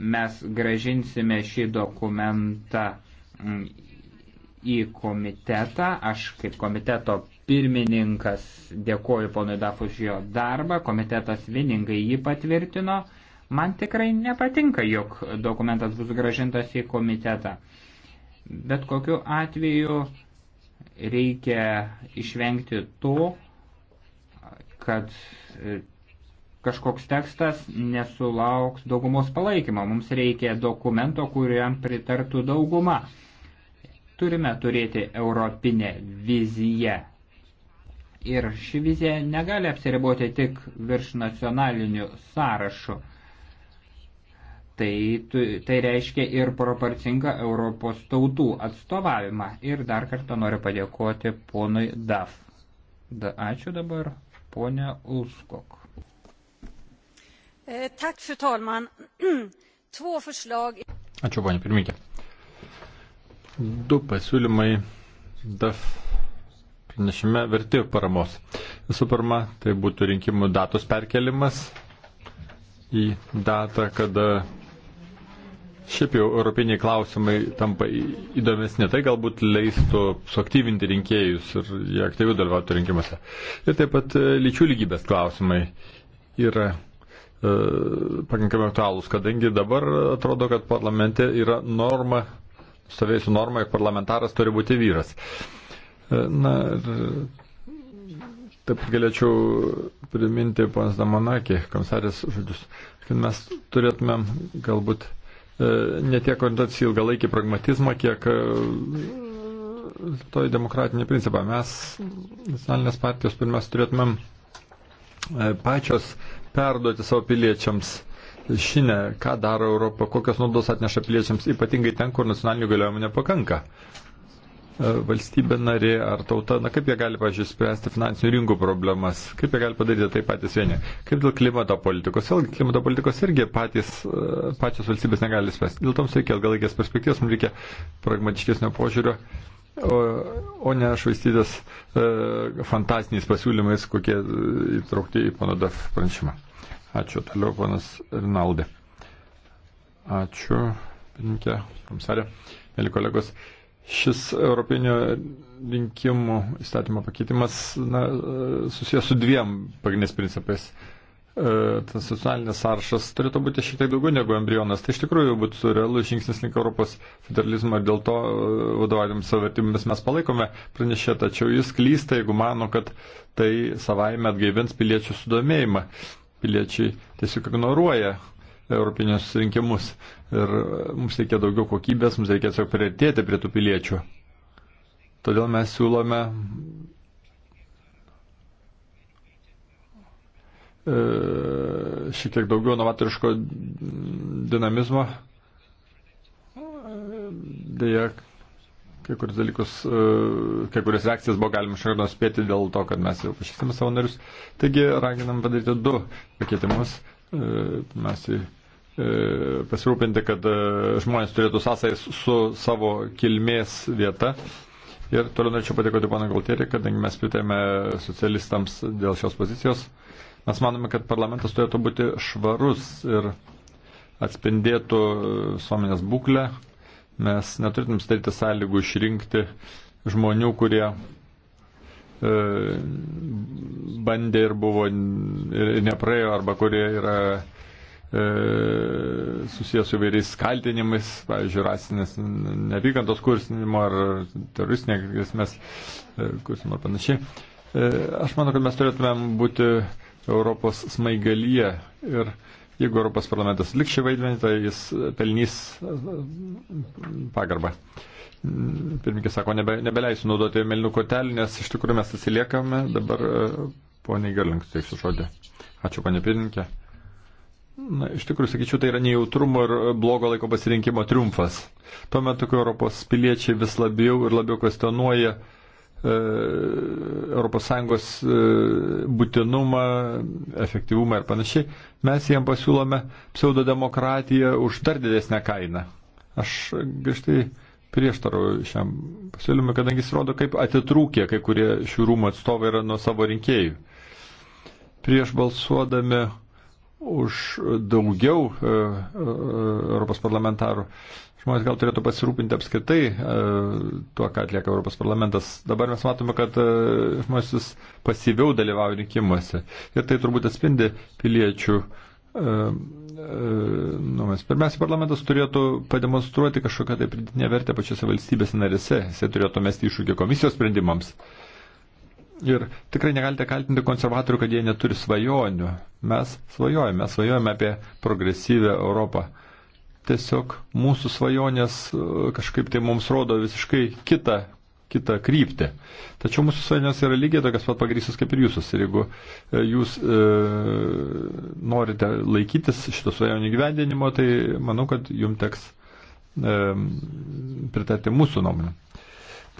[SPEAKER 2] Mes gražinsime šį dokumentą į komitetą. Aš kaip komiteto pirmininkas dėkoju ponui Daf už jo darbą, komitetas vieningai jį patvirtino. Man tikrai nepatinka, jog dokumentas bus gražintas į komitetą. Bet kokiu atveju reikia išvengti to, kad e, kažkoks tekstas nesulauks daugumos palaikymo. Mums reikia dokumento, kuriam pritartų dauguma. Turime turėti europinę viziją Ir ši vizija negali apsiriboti tik virš nacionalinių sąrašų. Tai, tai reiškia ir proporcingą Europos tautų atstovavimą. Ir dar kartą noriu padėkoti ponui DAF. Da, ačiū dabar, ponė Ulskok.
[SPEAKER 5] Eh, tak, fru talman. Två förslag.
[SPEAKER 1] Ačiū, ponė pirmininkė. Du pasiūlymai DAF pranešime verti paramos. Visų pirma, tai būtų rinkimų datos perkelimas į datą, kada šiaip jau europiniai klausimai tampa įdomesni, tai galbūt leistų suaktyvinti rinkėjus ir jie aktyviau dalyvautų rinkimuose. Ir taip pat e, lyčių lygybės klausimai yra e, pakankamai aktualūs, kadangi dabar atrodo, kad parlamente yra norma, stovėjusi norma, jog parlamentaras turi būti vyras. E, Na, taip galėčiau priminti ponas Damanakį, komisarės žodžius, kad mes turėtumėm galbūt e, ne tiek orientuotis į ilgalaikį pragmatizmą, kiek e, to į demokratinį principą. Mes, nacionalinės partijos, pirmiausia, turėtumėm e, pačios perduoti savo piliečiams žinę, ką daro Europa, kokios naudos atneša piliečiams, ypatingai ten, kur nacionalinių galiojimų nepakanka. E, valstybė narė ar tauta, na kaip jie gali, pažiūrėjau, spręsti finansinių rinkų problemas, kaip jie gali padaryti tai patys vieni. Kaip dėl klimato politikos, vėlgi klimato politikos irgi patys, e, pačios valstybės negali spręsti. Dėl to mums reikia ilgalaikės perspektyvos, mums reikia pragmatiškesnio požiūrio. O, o ne švaistytas e, fantastiniais pasiūlymais, kokie e, įtraukti į pono DAF pranešimą. Ačiū. Toliau ponas Rinaldė. Ačiū, pininkė, komisarė, mėly kolegos. E, Šis Europinio rinkimų įstatymo pakeitimas na, susijęs su dviem pagrindiniais principais. E, tas socialinis sąrašas turėtų būti šiek tiek daugiau negu embrionas. Tai iš tikrųjų būtų realus žingsnis link Europos federalizmo ir dėl to e, vadovavim savo vertybėmis mes palaikome pranešę, tačiau jis klysta, jeigu mano, kad tai savaime atgaivins piliečių sudomėjimą. Piliečiai tiesiog ignoruoja europinius rinkimus. Ir mums reikia daugiau kokybės, mums reikia tiesiog prieartėti prie tų piliečių. Todėl mes siūlome e, šiek tiek daugiau novatoriško dinamizmo. Deja, kai kurias dalykus, e, kai kurias reakcijas buvo galima iš anksto spėti dėl to, kad mes jau pažįstame savo narius. Taigi raginam padaryti du pakeitimus. E, mes į E, pasirūpinti, kad e, žmonės turėtų sąsąją su savo kilmės vieta. Ir toliau norėčiau padėkoti pana Galterį, kadangi mes pritėme socialistams dėl šios pozicijos. Mes manome, kad parlamentas turėtų būti švarus ir atspindėtų visuomenės būklę. Mes neturėtum sudaryti sąlygų išrinkti žmonių, kurie e, bandė ir buvo ir nepraėjo, arba kurie yra E, susijęs su vairiais kaltinimais, pavyzdžiui, rasinės neapykantos kursinimo ar teroristinė grėsmės e, kursinimo ar panašiai. E, aš manau, kad mes turėtumėm būti Europos smaigalyje ir jeigu Europos parlamentas liks šį vaidmenį, tai jis pelnys pagarbą. Pirmininkė sako, nebe, nebeleisiu naudoti melnų kortelių, nes iš tikrųjų mes atsiliekame. Dabar poniai Gerlings teiksiu žodį. Ačiū, ponė pirmininkė. Na, iš tikrųjų, sakyčiau, tai yra nejautrumo ir blogo laiko pasirinkimo triumfas. Tuo metu, kai Europos piliečiai vis labiau ir labiau kvestionuoja e, ES e, būtinumą, efektyvumą ir panašiai, mes jiem pasiūlome pseudodemokratiją už dar didesnę kainą. Aš grįžtai prieštarauju šiam pasiūlymui, kadangi jis rodo, kaip atitrūkė kai kurie šių rūmų atstovai yra nuo savo rinkėjų. Prieš balsuodami už daugiau e, e, Europos parlamentarų. Žmonės gal turėtų pasirūpinti apskritai e, tuo, ką atlieka Europos parlamentas. Dabar mes matome, kad žmonės vis pasyviau dalyvauja rinkimuose. Ir tai turbūt atspindi piliečių nuomonės. Pirmiausia, parlamentas turėtų pademonstruoti kažkokią tai pridinę vertę pačiose valstybėse narėse. Jisai turėtų mesti iššūkį komisijos sprendimams. Ir tikrai negalite kaltinti konservatorių, kad jie neturi svajonių. Mes svajojame, svajojame apie progresyvę Europą. Tiesiog mūsų svajonės e, kažkaip tai mums rodo visiškai kitą, kitą kryptį. Tačiau mūsų svajonės yra lygiai tokias pat pagrysus kaip ir jūsus. Ir jeigu e, jūs e, norite laikytis šito svajonių gyvendinimo, tai manau, kad jums teks e, pritarti mūsų nuomonę.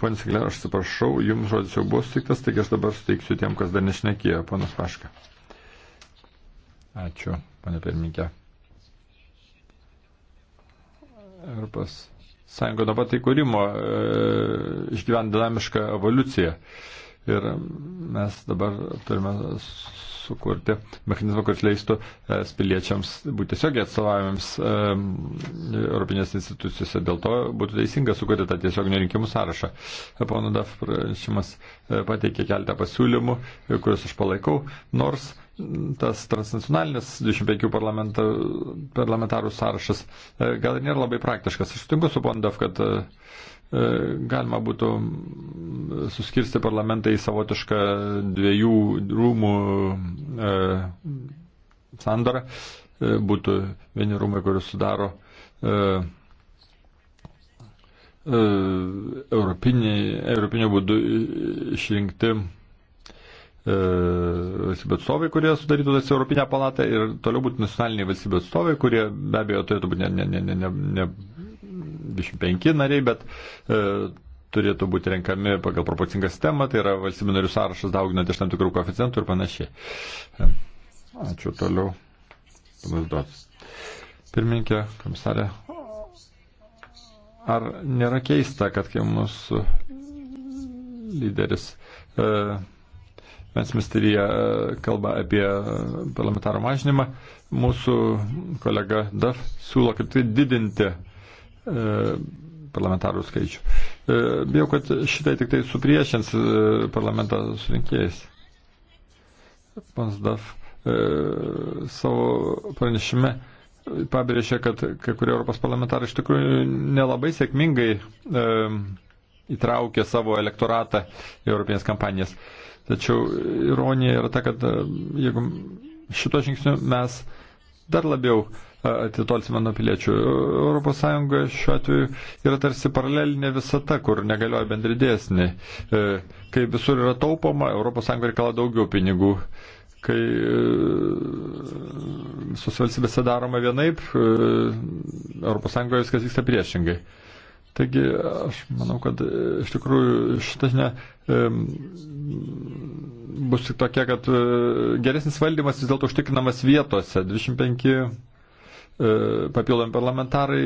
[SPEAKER 1] Pone Siglė, aš atsiprašau, jums žodis jau buvo sutiktas, taigi aš dabar suteiksiu tiem, kas dar nešnekėjo, ponas Paška. Ačiū, pane pirmininkė. Europos Sąjunga dabar tai kūrimo e, išgyvena dinamišką evoliuciją. E, Ir mes dabar turime sukurti mechanizmą, kuris leistų es piliečiams būti tiesiogiai atstovavimams e, Europinės institucijose. Dėl to būtų teisinga sukurti tą tiesioginio rinkimų sąrašą. E, pono DAF pranešimas e, pateikė keletą pasiūlymų, e, kuriuos aš palaikau, nors tas transnacionalinis 25 parlamenta, parlamentarų sąrašas gal ir nėra labai praktiškas. Aš sutinku su Pondov, kad E, galima būtų suskirsti parlamentą į savotišką dviejų rūmų e, sandarą. E, būtų vieni rūmai, kuriuos sudaro e, e, europinio būdu išrinkti e, valstybių atstovai, kurie sudarytų tas Europinę palatą ir toliau būtų nacionaliniai valstybių atstovai, kurie be abejo turėtų būti ne, ne, ne, ne, ne 25 nariai, bet e, turėtų būti renkami pagal proporcingą sistemą, tai yra valstybių narių sąrašas dauginant iš tam tikrų koeficientų ir panašiai. E, ačiū toliau. Panaudotas. Pirmininkė, komisarė, ar nėra keista, kad kai mūsų lyderis e, Vensmisterija e, kalba apie parlamentarų mažinimą, mūsų kolega DAF siūlo kaip tai didinti E, parlamentarų skaičių. E, bijau, kad šitai tik tai supriešins e, parlamentą su rinkėjais. Pans Daf savo pranešime pabrėžė, kad kai kurie Europos parlamentarai iš tikrųjų nelabai sėkmingai e, įtraukė savo elektoratą į Europinės kampanijas. Tačiau ironija yra ta, kad jeigu šito žingsniu mes dar labiau e, atitolsime nuo piliečių. ES šiuo atveju yra tarsi paralelinė visata, kur negalioja bendri dėsniai. E, kai visur yra taupoma, ES reikala daugiau pinigų. Kai e, visos valstybėse daroma vienaip, ES viskas vyksta priešingai. Taigi aš manau, kad e, iš tikrųjų šitą žinę e, bus tik tokia, kad e, geresnis valdymas vis dėlto užtikrinamas vietose. 25 E, papildomi parlamentarai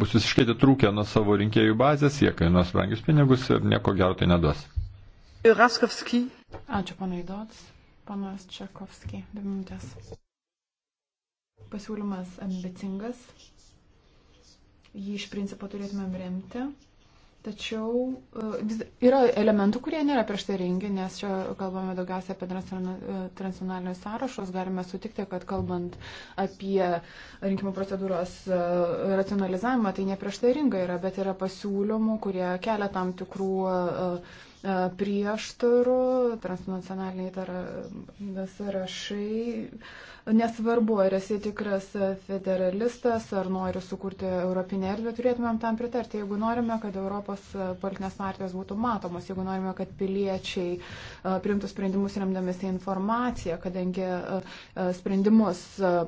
[SPEAKER 1] bus visiškai atitrūkę nuo savo rinkėjų bazės, jie kainuos brangius pinigus ir nieko gero tai neduos.
[SPEAKER 3] Raskovski. Ačiū, panai Dots. Panas Čekovski, dvi minutės. Pasiūlymas ambicingas. Jį iš principo turėtumėm remti. Tačiau e, yra elementų, kurie nėra prieštaringi, nes čia kalbame daugiausia apie e, transnacionalinius sąrašus. Galime sutikti, kad kalbant apie rinkimų procedūros e, racionalizavimą, tai neprieštaringa yra, bet yra pasiūlymų, kurie kelia tam tikrų prieštarų, transnacionaliniai sąrašai nesvarbu, ar esi tikras federalistas, ar nori sukurti Europinę erdvę, turėtumėm tam pritarti. Jeigu norime, kad Europos politinės partijos būtų matomos, jeigu norime, kad piliečiai priimtų sprendimus remdamėsi informaciją, kadangi sprendimus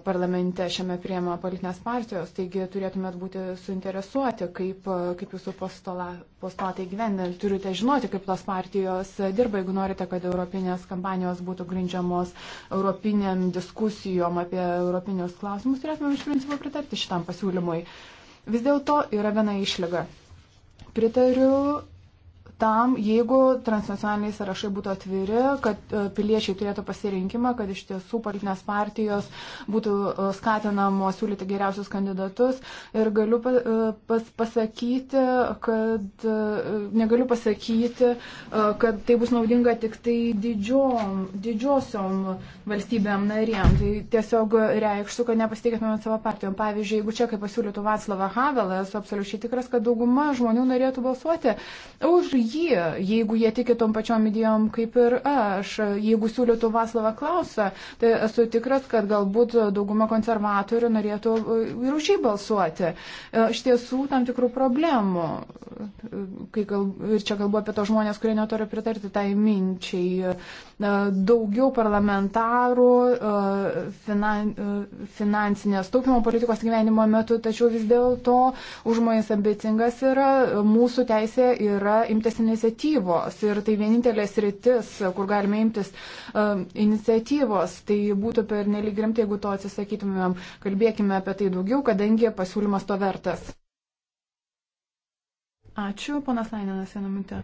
[SPEAKER 3] parlamente šiame priema politinės partijos, taigi turėtumėt būti suinteresuoti, kaip, kaip jūsų postulatai gyvena. Turite žinoti, kaip tos partijos dirba, jeigu norite, kad europinės kampanijos būtų grindžiamos europinėm diskusijom diskusijom apie europinius klausimus, turėtumėm iš principo pritarti šitam pasiūlymui. Vis dėlto yra viena išlyga. Pritariu tam, jeigu transnacionaliniai sąrašai būtų atviri, kad e, piliečiai turėtų pasirinkimą, kad iš tiesų politinės partijos būtų e, skatinamos siūlyti geriausius kandidatus. Ir galiu e, pas, pasakyti, kad negaliu pasakyti, kad tai bus naudinga tik tai didžiom, didžiosiom valstybėm narėm. Tai tiesiog reikštų, kad nepasitikėtumėm savo partijom. Pavyzdžiui, jeigu čia, kaip pasiūlytų Vaclavą Havelą, esu absoliučiai tikras, kad dauguma žmonių norėtų balsuoti už jį jį, jeigu jie tiki tom pačiom idėjom kaip ir aš. Jeigu siūlytų Vaslavą Klausą, tai esu tikras, kad galbūt dauguma konservatorių norėtų ir už jį balsuoti. E, iš tiesų tam tikrų problemų. Gal, ir čia kalbu apie to žmonės, kurie neturi pritarti tai minčiai. E, daugiau parlamentarų e, finan, finansinės taupimo politikos gyvenimo metu, tačiau vis dėlto užmojas ambicingas yra, mūsų teisė yra imtis imtis iniciatyvos ir tai vienintelės rytis, kur galime imtis um, iniciatyvos. Tai būtų per nelik rimtai, jeigu to atsisakytumėm. Kalbėkime apie tai daugiau, kadangi pasiūlymas to vertas. Ačiū, ponas Laininas, vieną minutę.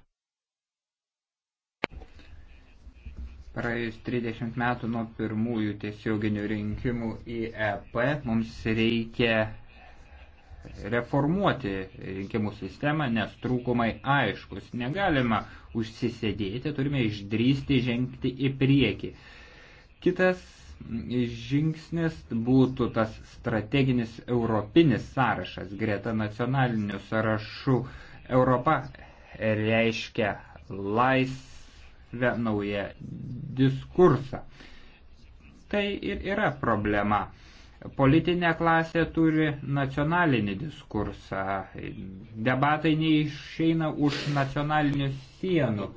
[SPEAKER 2] Praėjus 30 metų nuo pirmųjų tiesioginių rinkimų į EP mums reikia reformuoti rinkimų sistemą, nes trūkumai aiškus. Negalima užsisėdėti, turime išdrysti žengti į priekį. Kitas žingsnis būtų tas strateginis europinis sąrašas greta nacionalinių sąrašų. Europa reiškia laisvę naują diskursą. Tai ir yra problema politinė klasė turi nacionalinį diskursą. Debatai neišeina už nacionalinių sienų.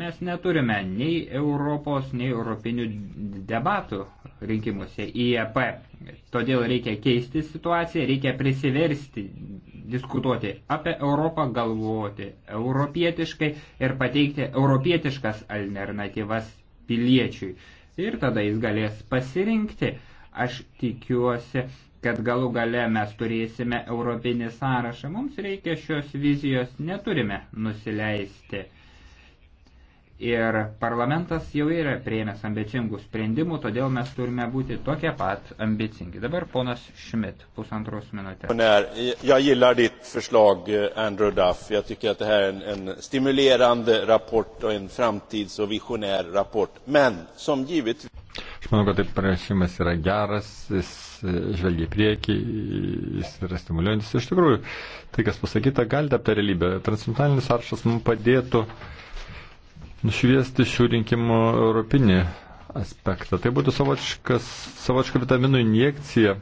[SPEAKER 2] Mes neturime nei Europos, nei europinių debatų rinkimuose į EP. Todėl reikia keisti situaciją, reikia prisiversti diskutuoti apie Europą, galvoti europietiškai ir pateikti europietiškas alternatyvas piliečiui. Ir tada jis galės pasirinkti Aš tikiuosi, kad galų gale mes turėsime europinį sąrašą. Mums reikia šios vizijos, neturime nusileisti. Ir parlamentas jau yra prieimęs ambicingų sprendimų, todėl mes turime būti tokie pat ambicingi. Dabar ponas Šmit, pusantros minutės.
[SPEAKER 4] Jag gillar ditt förslag, Andrew Duff. Jag tycker att det här är en, en stimulerande rapport och en framtids och visionär rapport. Men som givetvis...
[SPEAKER 1] Aš manau, kad taip pranešimas yra geras, jis e, žvelgia į priekį, jis yra stimuliuojantis. Iš tikrųjų, tai, kas pasakyta, galite apie realybę. Transnacionalinis sąrašas mums padėtų uh, nušviesti šių rinkimų europinį aspektą. Tai būtų savotiškas, savotiška vitaminų injekcija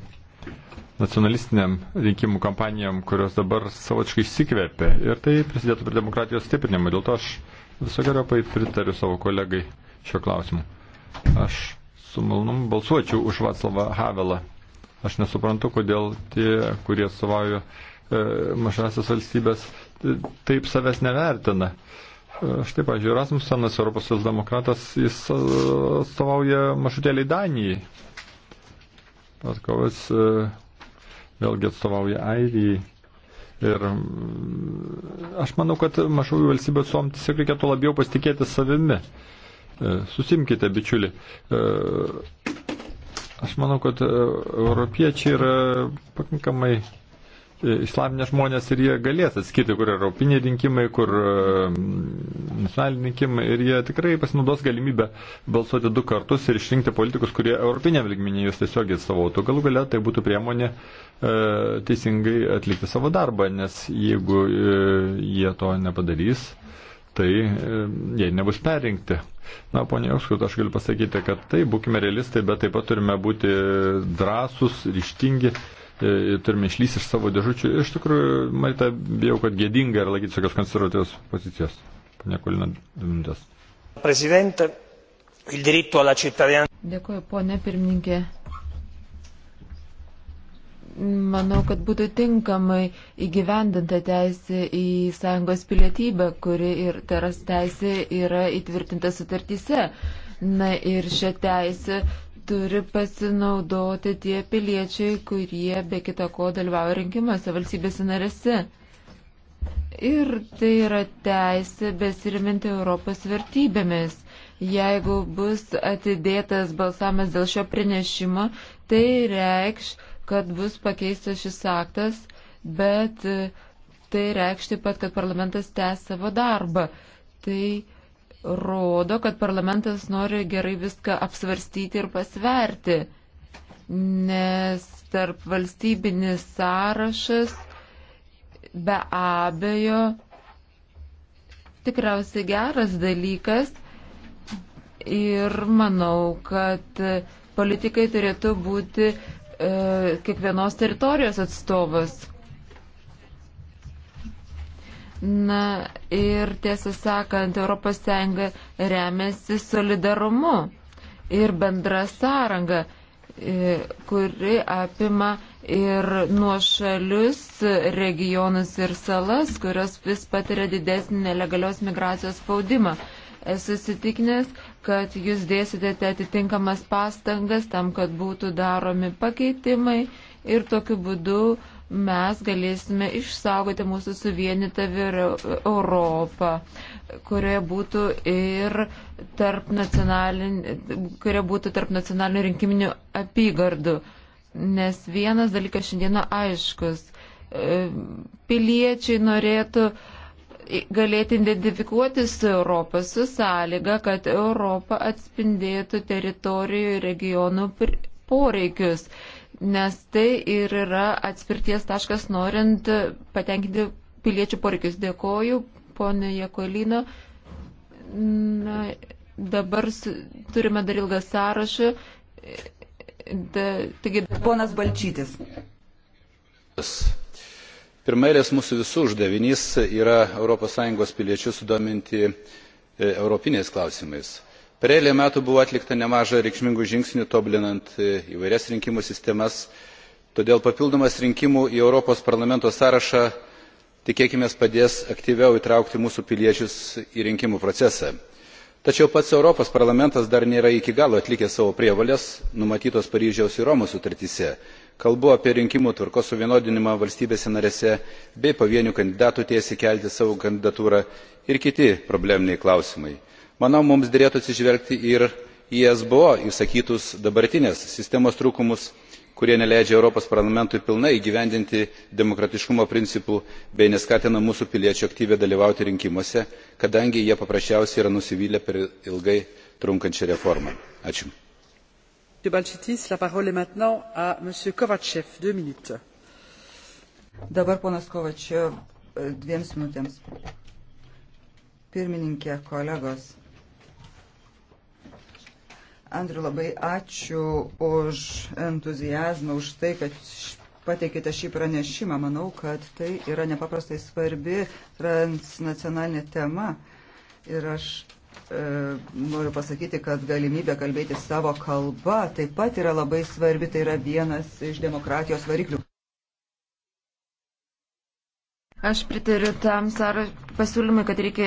[SPEAKER 1] nacionalistiniam rinkimų kampanijam, kurios dabar savotiškai įsikvėpė. Ir tai prisidėtų prie demokratijos stiprinimo. Dėl to aš visokiojopai pritariu savo kolegai šio klausimu. Aš su malonumu balsuočiau už Vaclavą Havelą. Aš nesuprantu, kodėl tie, kurie suvauju e, mažasias valstybės, e, taip savęs nevertina. E, Štai, pažiūrėjau, Rasmusenas, Europos demokratas, jis e, atstovauja mažutėlį Danijai. Paskovas e, vėlgi atstovauja Airijai. Ir mm, aš manau, kad mažųjų valstybių atstovom tiesiog reikėtų labiau pasitikėti savimi. E, susimkite, bičiuli. Aš manau, kad europiečiai yra pakankamai E, išlaminę žmonės ir jie galės atskirti, kur yra europiniai rinkimai, kur e, nacionaliniai rinkimai ir jie tikrai pasinaudos galimybę balsuoti du kartus ir išrinkti politikus, kurie europiniam lygmenį jūs tiesiog atstovautų. Galų gale tai būtų priemonė e, teisingai atlikti savo darbą, nes jeigu jie to nepadarys, tai jie nebus perrinkti. Na, ponia Jokskut, aš galiu pasakyti, kad tai būkime realistai, bet taip pat turime būti drąsus, ryštingi E, turime išlys iš savo dėžučių. Iš tikrųjų, Marita, bijau, kad gėdinga yra laikyti tokios konservatyvios pozicijos. Pane Kolina, minutės.
[SPEAKER 6] Prezidentė, il diritto alla cittadinanza.
[SPEAKER 7] Dėkuoju, ponė pirmininkė. Manau, kad būtų tinkamai įgyvendinta teisė į sąjungos pilietybę, kuri ir teras teisė yra įtvirtinta sutartyse. Na ir šią teisę turi pasinaudoti tie piliečiai, kurie be kita ko dalyvauja rinkimuose valstybėse narėse. Ir tai yra teisė besiriminti Europos vertybėmis. Jeigu bus atidėtas balsavimas dėl šio pranešimo, tai reikš, kad bus pakeistas šis aktas, bet tai reikš taip pat, kad parlamentas tęs savo darbą. Tai rodo, kad parlamentas nori gerai viską apsvarstyti ir pasverti, nes tarp valstybinis sąrašas be abejo tikriausiai geras dalykas ir manau, kad politikai turėtų būti e, kiekvienos teritorijos atstovas. Na ir tiesą sakant, ES remiasi solidarumu ir bendra sąranga, e, kuri apima ir nuošalius regionus ir salas, kurios vis patiria didesnį nelegalios migracijos spaudimą. Esu įsitikinęs, kad jūs dėsite atitinkamas pastangas tam, kad būtų daromi pakeitimai ir tokiu būdu uh, mes galėsime išsaugoti mūsų suvienytą Europą, kurioje būtų ir tarp, kurioje būtų tarp nacionalinių rinkiminių apygardų. Nes vienas dalykas šiandieną aiškus. E, piliečiai norėtų galėti identifikuoti su Europą, su sąlyga, kad Europa atspindėtų teritorijų ir regionų poreikius nes tai ir yra atspirties taškas norint patenkinti piliečių poreikius. Dėkoju, ponė Jekolino. Na, dabar turime dar ilgą sąrašą. Da, taigi, dabar... Ponas Balčytis.
[SPEAKER 4] Pirmailės mūsų visų uždavinys yra ES piliečių sudominti e, europiniais klausimais per eilę metų buvo atlikta nemaža reikšmingų žingsnių tobulinant e, įvairias rinkimų sistemas todėl papildomas rinkimų į europos parlamento sąrašą tikėkimės padės aktyviau įtraukti mūsų piliečius į rinkimų procesą. tačiau pats europos parlamentas dar nėra iki galo atlikęs savo prievolės numatytos paryžiaus ir romos sutartyse kalbu apie rinkimų tvarkos suvienodinimą valstybėse narėse bei pavienių kandidatų teisę kelti savo kandidatūrą ir kiti probleminiai klausimai manau mums derėtų atsižvelgti ir į esbo išsakytus dabartinės sistemos trūkumus kurie neleidžia europos parlamentui pilnai įgyvendinti demokratiškumo principų bei neskatina mūsų piliečių aktyviai dalyvauti rinkimuose kadangi jie paprasčiausiai yra nusivylę per ilgai trunkančia reforma.
[SPEAKER 5] Dabar ponas Kovačev dviems minutėms. Pirmininkė, kolegos. Andriu, labai ačiū už entuzijazmą, už tai, kad pateikite šį pranešimą. Manau, kad tai yra nepaprastai svarbi transnacionalinė tema. Ir aš e, noriu pasakyti, kad galimybė kalbėti savo kalbą taip pat yra labai svarbi. Tai yra vienas iš demokratijos variklių.
[SPEAKER 7] Aš pritariu tam sąraš pasiūlymui, kad reikia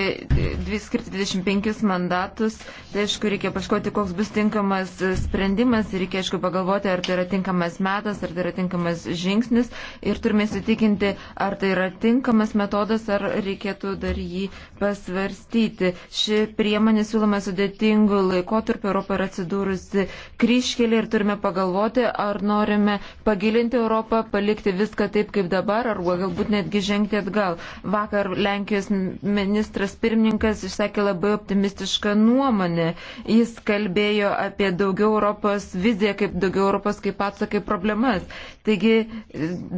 [SPEAKER 7] dvi, skirti 25 mandatus. Tai aišku, reikia paškoti, koks bus tinkamas sprendimas. Reikia, aišku, pagalvoti, ar tai yra tinkamas metas, ar tai yra tinkamas žingsnis. Ir turime įsitikinti, ar tai yra tinkamas metodas, ar reikėtų dar jį pasvarstyti. Ši priemonė siūloma sudėtingų laikotarpių. Europą yra atsidūrusi kryškelį ir turime pagalvoti, ar norime pagilinti Europą, palikti viską taip kaip dabar, ar galbūt netgi žengti grįžti atgal. Vakar Lenkijos ministras pirmininkas išsakė labai optimistišką nuomonę. Jis kalbėjo apie daugiau Europos viziją, kaip daugiau Europos kaip atsakai problemas. Taigi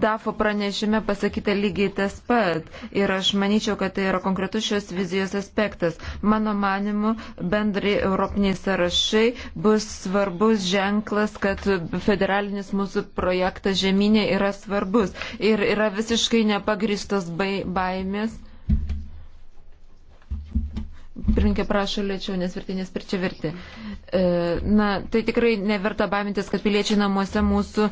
[SPEAKER 7] DAFO pranešime pasakyta lygiai tas pat. Ir aš manyčiau, kad tai yra konkretus šios vizijos aspektas. Mano manimu, bendrai europiniai sąrašai bus svarbus ženklas, kad federalinis mūsų projektas žemynė yra svarbus. Ir yra visiškai nepagristas bai, baimės. Pirminkė prašo lėčiau, nes vertinės per čia verti. Uh, E, na, tai tikrai neverta baimintis, kad piliečiai namuose mūsų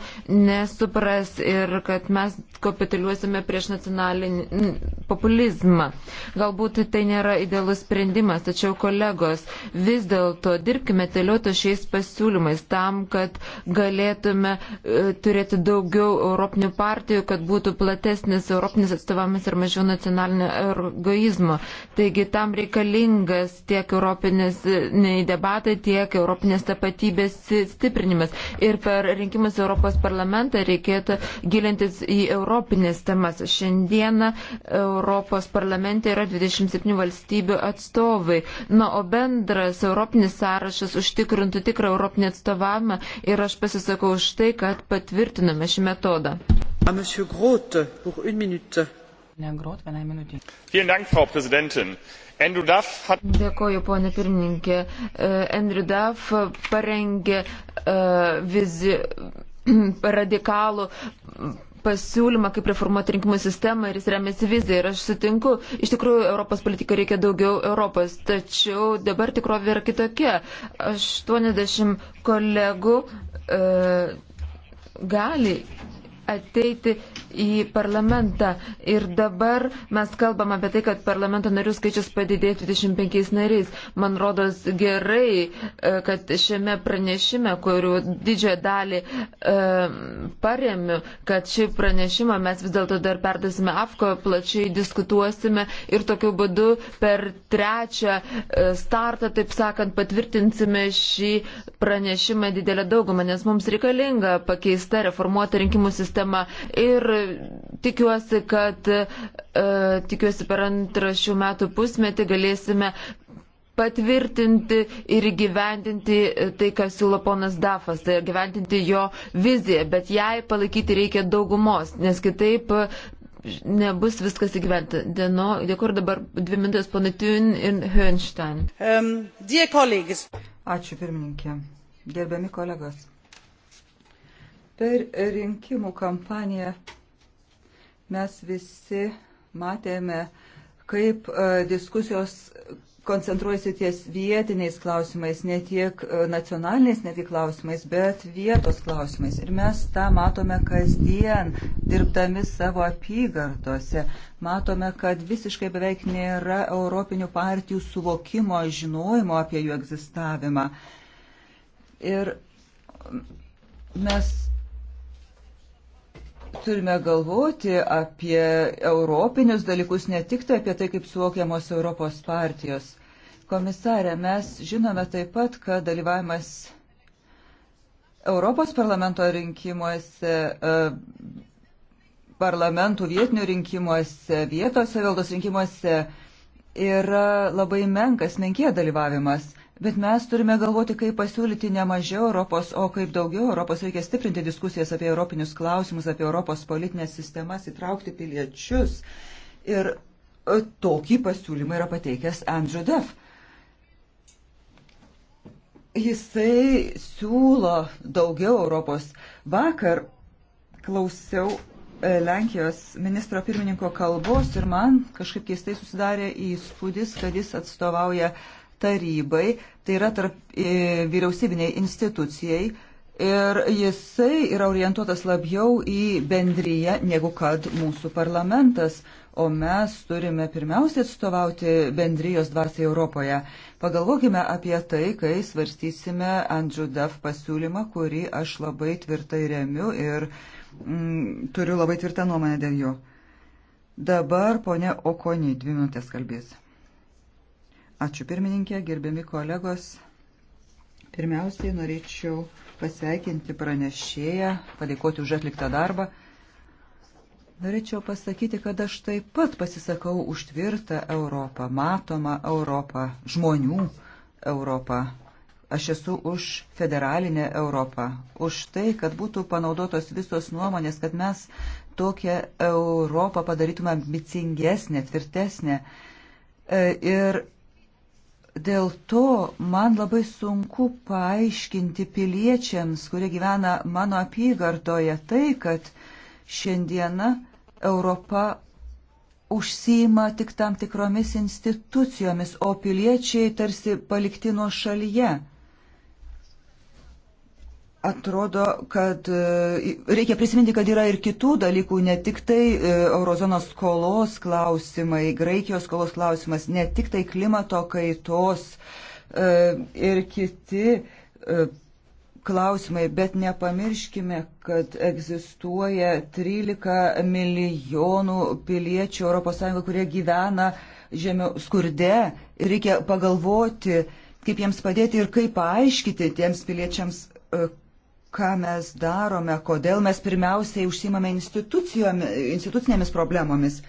[SPEAKER 7] nesupras ir kad mes kapituliuosime prieš nacionalinį populizmą. Galbūt tai nėra idealus sprendimas, tačiau kolegos, vis dėlto dirbkime tėlioto šiais pasiūlymais tam, kad galėtume e, turėti daugiau europinių partijų, kad būtų platesnis europinis atstovavimas ir mažiau nacionalinio egoizmo. Taigi tam reikalingas tiek europinis e, debatai, tiek siekia Europinės tapatybės stiprinimas. Ir per rinkimus Europos parlamentą reikėtų gilintis į Europinės temas. Šiandieną Europos parlamente yra 27 valstybių atstovai. Na, o bendras Europinis sąrašas užtikrintų tikrą Europinį atstovavimą ir aš pasisakau už tai, kad patvirtiname šį metodą.
[SPEAKER 1] Frau Präsidentin! Andrew Duff. Hat...
[SPEAKER 7] Dėkoju, ponė pirmininkė. E, Andrew Duff parengė uh, vizi, radikalų pasiūlymą, kaip reformuoti rinkimų sistemą ir jis remiasi viziją. Ir aš sutinku, iš tikrųjų, Europos politikai reikia daugiau Europos, tačiau dabar tikrovė yra kitokia. 80 kolegų e, gali ateiti į parlamentą. Ir dabar mes kalbam apie tai, kad parlamento narių skaičius padidėjo 25 nariais. Man rodos gerai, e, kad šiame pranešime, kurių didžiąją dalį e, paremiu, kad šį pranešimą mes vis dėlto dar perdasime AFKO, plačiai diskutuosime ir tokiu būdu per trečią e, startą, taip sakant, patvirtinsime šį pranešimą didelę daugumą, nes mums reikalinga pakeista, reformuota rinkimų sistema ir tikiuosi, kad e, tikiuosi per antrą šių metų pusmetį galėsime patvirtinti ir įgyvendinti tai, ką siūlo ponas Dafas, tai įgyvendinti jo viziją, bet jai palaikyti reikia daugumos, nes kitaip nebus viskas įgyventa. Dieno, nu, dėkur dabar dvi minutės ponai Tün ir Hönstein. Um, Ačiū pirmininkė. Gerbiami kolegos.
[SPEAKER 5] Per rinkimų kampaniją Mes visi matėme, kaip e, diskusijos koncentruojasi ties vietiniais klausimais, ne tiek e, nacionaliniais netgi klausimais, bet vietos klausimais. Ir mes tą matome kasdien, dirbdami savo apygardose. Matome, kad visiškai beveik nėra europinių partijų suvokimo, žinojimo apie jų egzistavimą. Ir mes Turime galvoti apie europinius dalykus, ne tik tai apie tai, kaip suvokiamos Europos partijos. Komisarė, mes žinome taip pat, kad dalyvavimas Europos parlamento rinkimuose, e, parlamentų vietinių rinkimuose, vietos savivaldos rinkimuose yra labai menkas, menkie dalyvavimas. Bet mes turime galvoti, kaip pasiūlyti ne mažiau Europos, o kaip daugiau Europos. Reikia stiprinti diskusijas apie europinius klausimus, apie Europos politinės sistemas, įtraukti piliečius. Ir e, tokį pasiūlymą yra pateikęs Andrew Duff. Jisai siūlo daugiau Europos. Vakar klausiau e, Lenkijos ministro pirmininko kalbos ir man kažkaip keistai susidarė įspūdis, kad jis atstovauja uh, tarybai, tai yra tarp e, vyriausybiniai institucijai ir jisai yra orientuotas labiau į bendryją negu kad mūsų parlamentas, o mes turime pirmiausiai atstovauti bendrijos dvasiai Europoje. Pagalvokime apie tai, kai svarstysime Andrew Duff pasiūlymą, kurį aš labai tvirtai remiu ir mm, turiu labai tvirtą nuomonę dėl jo. Dabar ponia Okoni dvi minutės kalbės. Ačiū pirmininkė, gerbiami kolegos. Pirmiausiai norėčiau pasveikinti pranešėją, padėkoti už atliktą darbą. Norėčiau pasakyti, kad aš taip pat pasisakau už tvirtą Europą, matomą Europą, žmonių Europą. Aš esu už federalinę Europą, už tai, kad būtų panaudotos visos nuomonės, kad mes tokią Europą padarytume ambicingesnę, tvirtesnę. E, ir Dėl to man labai sunku paaiškinti piliečiams, kurie gyvena mano apygardoje, tai, kad šiandieną Europa užsima tik tam tikromis institucijomis, o piliečiai tarsi palikti nuo šalyje. Atrodo, kad e, reikia prisiminti, kad yra ir kitų dalykų, ne tik tai e, eurozonos skolos klausimai, Graikijos skolos klausimas, ne tik tai klimato kaitos e, ir kiti klausimai, bet nepamirškime, kad egzistuoja 13 milijonų piliečių ES, kurie gyvena žemio skurde ir reikia pagalvoti, kaip jiems padėti ir kaip paaiškyti tiems piliečiams, ką mes darome, kodėl mes pirmiausiai užsimame institucinėmis problemomis.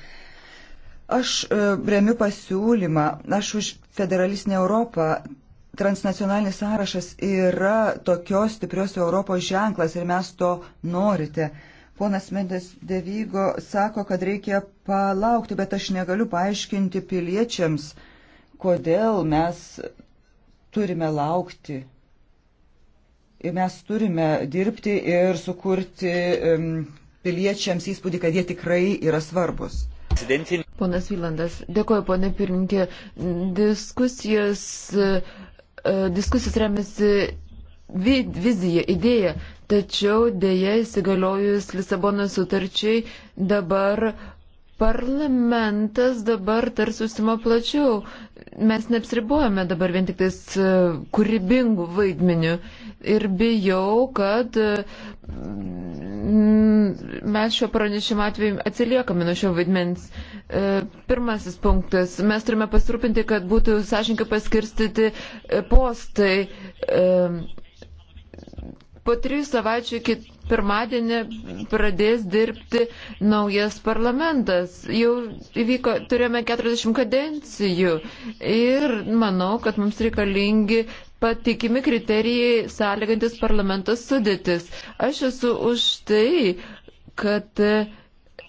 [SPEAKER 5] Aš e, remiu pasiūlymą, aš už federalistinę Europą. Transnacionalinis sąrašas yra tokios stiprios Europos ženklas ir mes to norite. Ponas Mendes Devygo sako, kad reikia palaukti, bet aš negaliu paaiškinti piliečiams, kodėl mes turime laukti Mes turime dirbti ir sukurti piliečiams įspūdį, kad jie tikrai yra svarbus.
[SPEAKER 7] Ponas Vylandas, dėkoju, ponė pirmininkė. Diskusijos, e, e, diskusijos remiasi vizija, idėja, tačiau dėja įsigaliojus Lisabono sutarčiai dabar Parlamentas dabar tarsi užsima plačiau. Mes neapsribuojame dabar vien tik tais e, kūrybingų vaidmenių ir bijau, kad e, mes šio pranešimo atveju atsiliekame nuo šio vaidmens. E, pirmasis punktas. Mes turime pasirūpinti, kad būtų sąžininkai paskirstyti postai. Po trijų savaičių iki pirmadienį pradės dirbti naujas parlamentas. Jau įvyko, turėjome 40 kadencijų ir manau, kad mums reikalingi patikimi kriterijai sąlygantis parlamentos sudėtis. Aš esu už tai, kad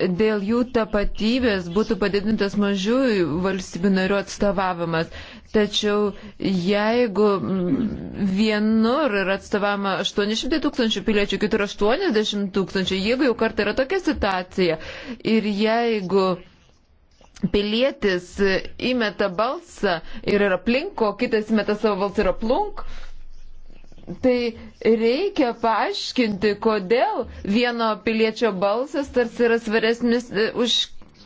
[SPEAKER 7] dėl jų tapatybės būtų padidintas mažųjų valstybių narių atstovavimas. Tačiau jeigu vienur yra atstovama 800 tūkstančių piliečių, kitur 80 tūkstančių, jeigu jau kartą yra tokia situacija ir jeigu pilietis įmeta balsą ir yra plink, o kitas įmeta savo balsą ir yra plunk, tai reikia paaiškinti, kodėl vieno piliečio balsas tarsi yra svaresnis e, už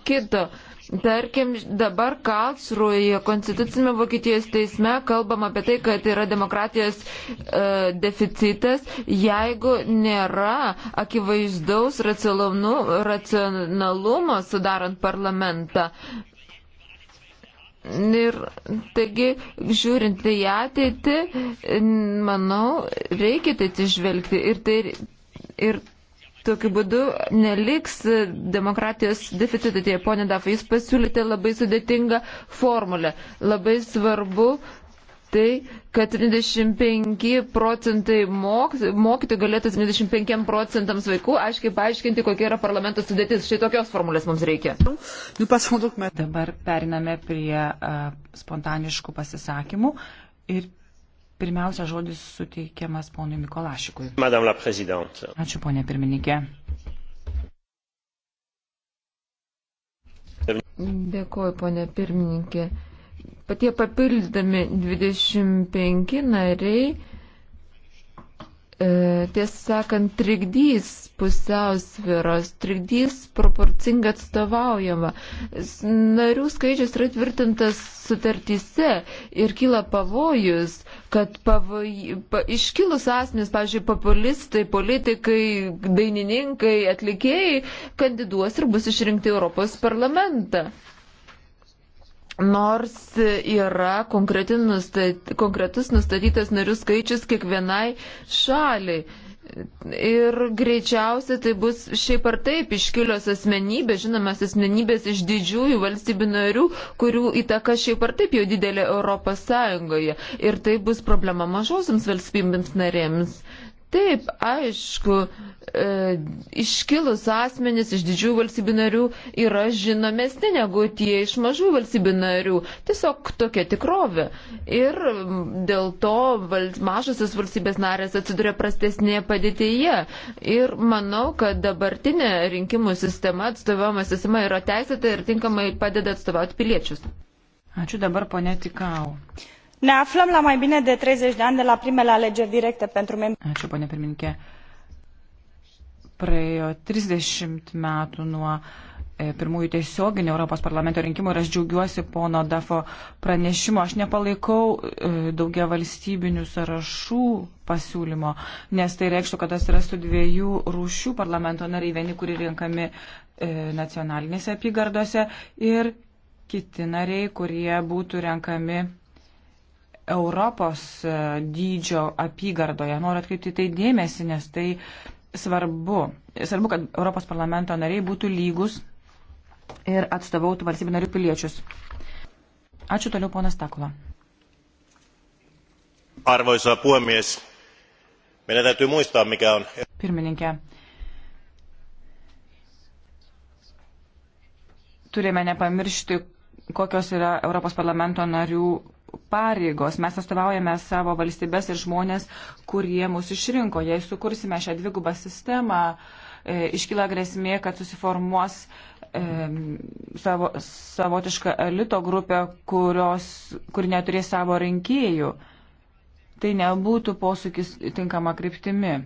[SPEAKER 7] kito. Tarkim, dabar Kalsruje konstitucinėme Vokietijos teisme kalbam apie tai, kad yra demokratijos e, deficitas, jeigu nėra akivaizdaus racionalumo sudarant parlamentą. Ir taigi, žiūrint į ateitį, manau, reikia tai atsižvelgti. Ir, tai, ir tokiu būdu neliks demokratijos deficitė. Pone Dafai, jūs pasiūlėte labai sudėtingą formulę. Labai svarbu tai, kad 75 procentai mok, mokyti galėtų 75 procentams vaikų aiškiai paaiškinti, kokia yra parlamento sudėtis. Štai tokios formulės mums reikia. Dabar periname prie uh, spontaniškų pasisakymų
[SPEAKER 6] ir pirmiausia žodis suteikiamas ponui Mikolašikui.
[SPEAKER 4] Ačiū,
[SPEAKER 6] ponė pirmininkė.
[SPEAKER 7] Dėkuoju, ponė pirmininkė patie papildami 25 nariai, e, tiesą sakant, trikdys pusiausviros, trikdys proporcingai atstovaujama. Narių skaičius yra tvirtintas sutartyse ir kyla pavojus, kad pavoj... pa... iškilus asmenys, pažiūrėjau, populistai, politikai, dainininkai, atlikėjai kandiduos ir bus išrinkti Europos parlamentą. Nors yra nustat, konkretus nustatytas narių skaičius kiekvienai šaliai. Ir greičiausiai tai bus šiaip ar taip iškilios asmenybės, žinomas asmenybės iš didžiųjų valstybių narių, kurių įtaka šiaip ar taip jau didelė Europos Sąjungoje. Ir tai bus problema mažosiams valstybėms narėms. Uh, Taip, aišku, e, iškilus asmenys iš didžiųjų valstybių narių yra žinomesni negu tie iš mažų valstybių narių. Tiesiog tokia tikrovė. Ir dėl to val, mažasis valstybės narės atsiduria prastesnėje padėtyje. Ir manau, kad dabartinė rinkimų sistema, atstovama sistema yra teisėta ir tinkamai padeda atstovauti piliečius. Ačiū dabar, ponė Tikau.
[SPEAKER 6] Ne aflăm la mai bine de 30 de ani de la primele alegeri directe pentru membrii. Ačiū, ponė pirmininkė. Praėjo 30 metų nuo e, pirmųjų tiesioginių Europos parlamento rinkimų ir aš džiaugiuosi pono Dafo pranešimo. Aš nepalaikau e, daugia valstybinių sąrašų pasiūlymo, nes tai reikštų, kad atsirastų dviejų rūšių parlamento nariai, vieni, kurie rinkami e, nacionalinėse apygardose ir kiti nariai, kurie būtų renkami Europos e, dydžio apygardoje. Noriu atkreipti tai dėmesį, nes tai svarbu. Svarbu, kad Europos parlamento nariai būtų lygus ir atstovautų valstybių narių piliečius. Ačiū toliau, ponas Takula.
[SPEAKER 4] Arvoisa puhemies, meidän täytyy muistaa, mikä on...
[SPEAKER 6] Pirmininkė. Turime nepamiršti, kokios yra Europos parlamento narių pareigos. Mes atstovaujame savo valstybės ir žmonės, kurie mūsų išrinko. Jei sukursime šią dvigubą sistemą, e, iškyla grėsmė, kad susiformuos e, savo, savotiška elito grupė, kurios, kuri neturės savo rinkėjų. Tai nebūtų posūkis tinkama kryptimi.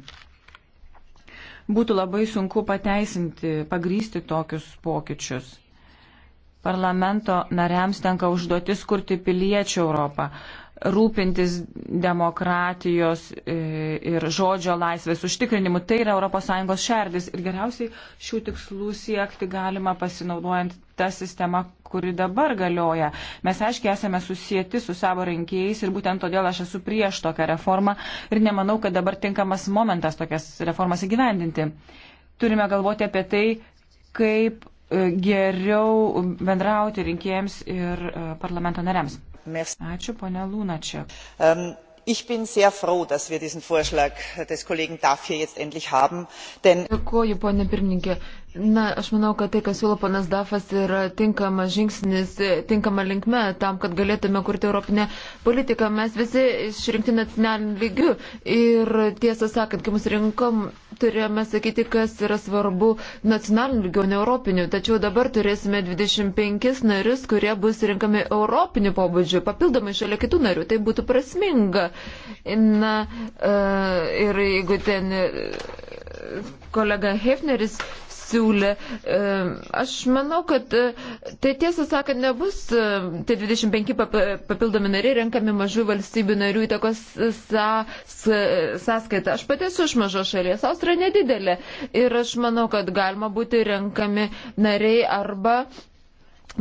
[SPEAKER 6] Būtų labai sunku pateisinti, pagrysti tokius pokyčius. Parlamento nariams tenka užduotis kurti piliečių Europą, rūpintis demokratijos e, ir žodžio laisvės užtikrinimu. Tai yra ES šerdis ir geriausiai šių tikslų siekti galima pasinaudojant tą sistemą, kuri dabar galioja. Mes aiškiai esame susijęti su savo rinkėjais ir būtent todėl aš esu prieš tokią reformą ir nemanau, kad dabar tinkamas momentas tokias reformas įgyvendinti. Turime galvoti apie tai, kaip geriau bendrauti rinkėjams ir e, parlamento nariams. Ačiū, ponia
[SPEAKER 7] Lūnačia. Um ähm, ich bin sehr froh dass wir diesen vorschlag des kollegen duff hier jetzt endlich haben denn Na, aš manau, kad tai, kas siūlo panas Dafas, yra tinkamas žingsnis, tinkama linkme tam, kad galėtume kurti europinę politiką. Mes visi išrinkti nacionaliniu lygiu ir tiesą sakant, kai mus rinkom, turėjome sakyti, kas yra svarbu nacionaliniu lygiu, ne europiniu. Tačiau dabar turėsime 25 narius, kurie bus rinkami europiniu pobūdžiu, papildomai šalia kitų narių. Tai būtų prasminga. Na, e, ir jeigu ten e, kolega Hefneris siūlė. E, aš manau, kad e, tai tiesą sakant nebus, e, tai 25 papildomi nariai renkami mažų valstybių narių įtakos sąskaitą. Aš pati esu iš mažos šalies, Austrija nedidelė ir aš manau, kad galima būti renkami nariai arba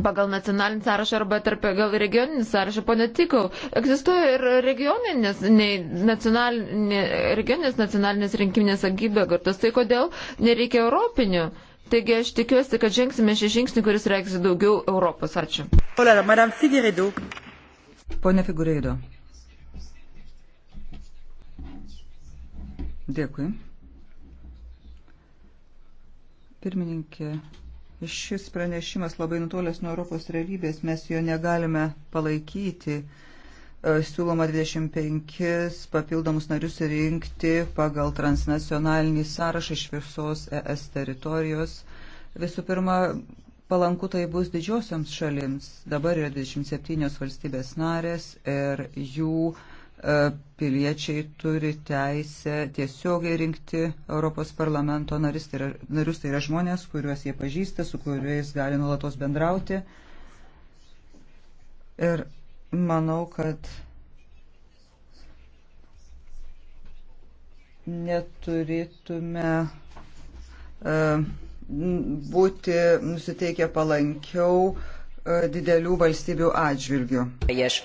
[SPEAKER 7] pagal nacionalinį sąrašą arba tarp gal regioninį sąrašą, ponė Tikau, egzistuoja ir regioninės, nei nacionalinė, regioninės nacionalinės rinkiminės agybegartos, tai kodėl nereikia europinių? Taigi aš tikiuosi, kad žengsime šį žingsnį, kuris reiks daugiau Europos. Ačiū.
[SPEAKER 5] Pone Figureido. Dėkui. Pirmininkė Šis pranešimas labai nutolęs nuo Europos realybės, mes jo negalime palaikyti. E, siūloma 25 papildomus narius rinkti pagal transnacionalinį sąrašą iš visos ES teritorijos. Visų pirma, palanku tai bus didžiosioms šalims. Dabar yra 27 valstybės narės ir jų uh, E, piliečiai turi teisę tiesiogiai rinkti Europos parlamento narius. Tai yra, narius tai yra žmonės, kuriuos jie pažįsta, su kuriais gali nuolatos bendrauti. Ir manau, kad neturėtume uh, būti nusiteikę palankiau uh, didelių valstybių atžvilgių. Yes.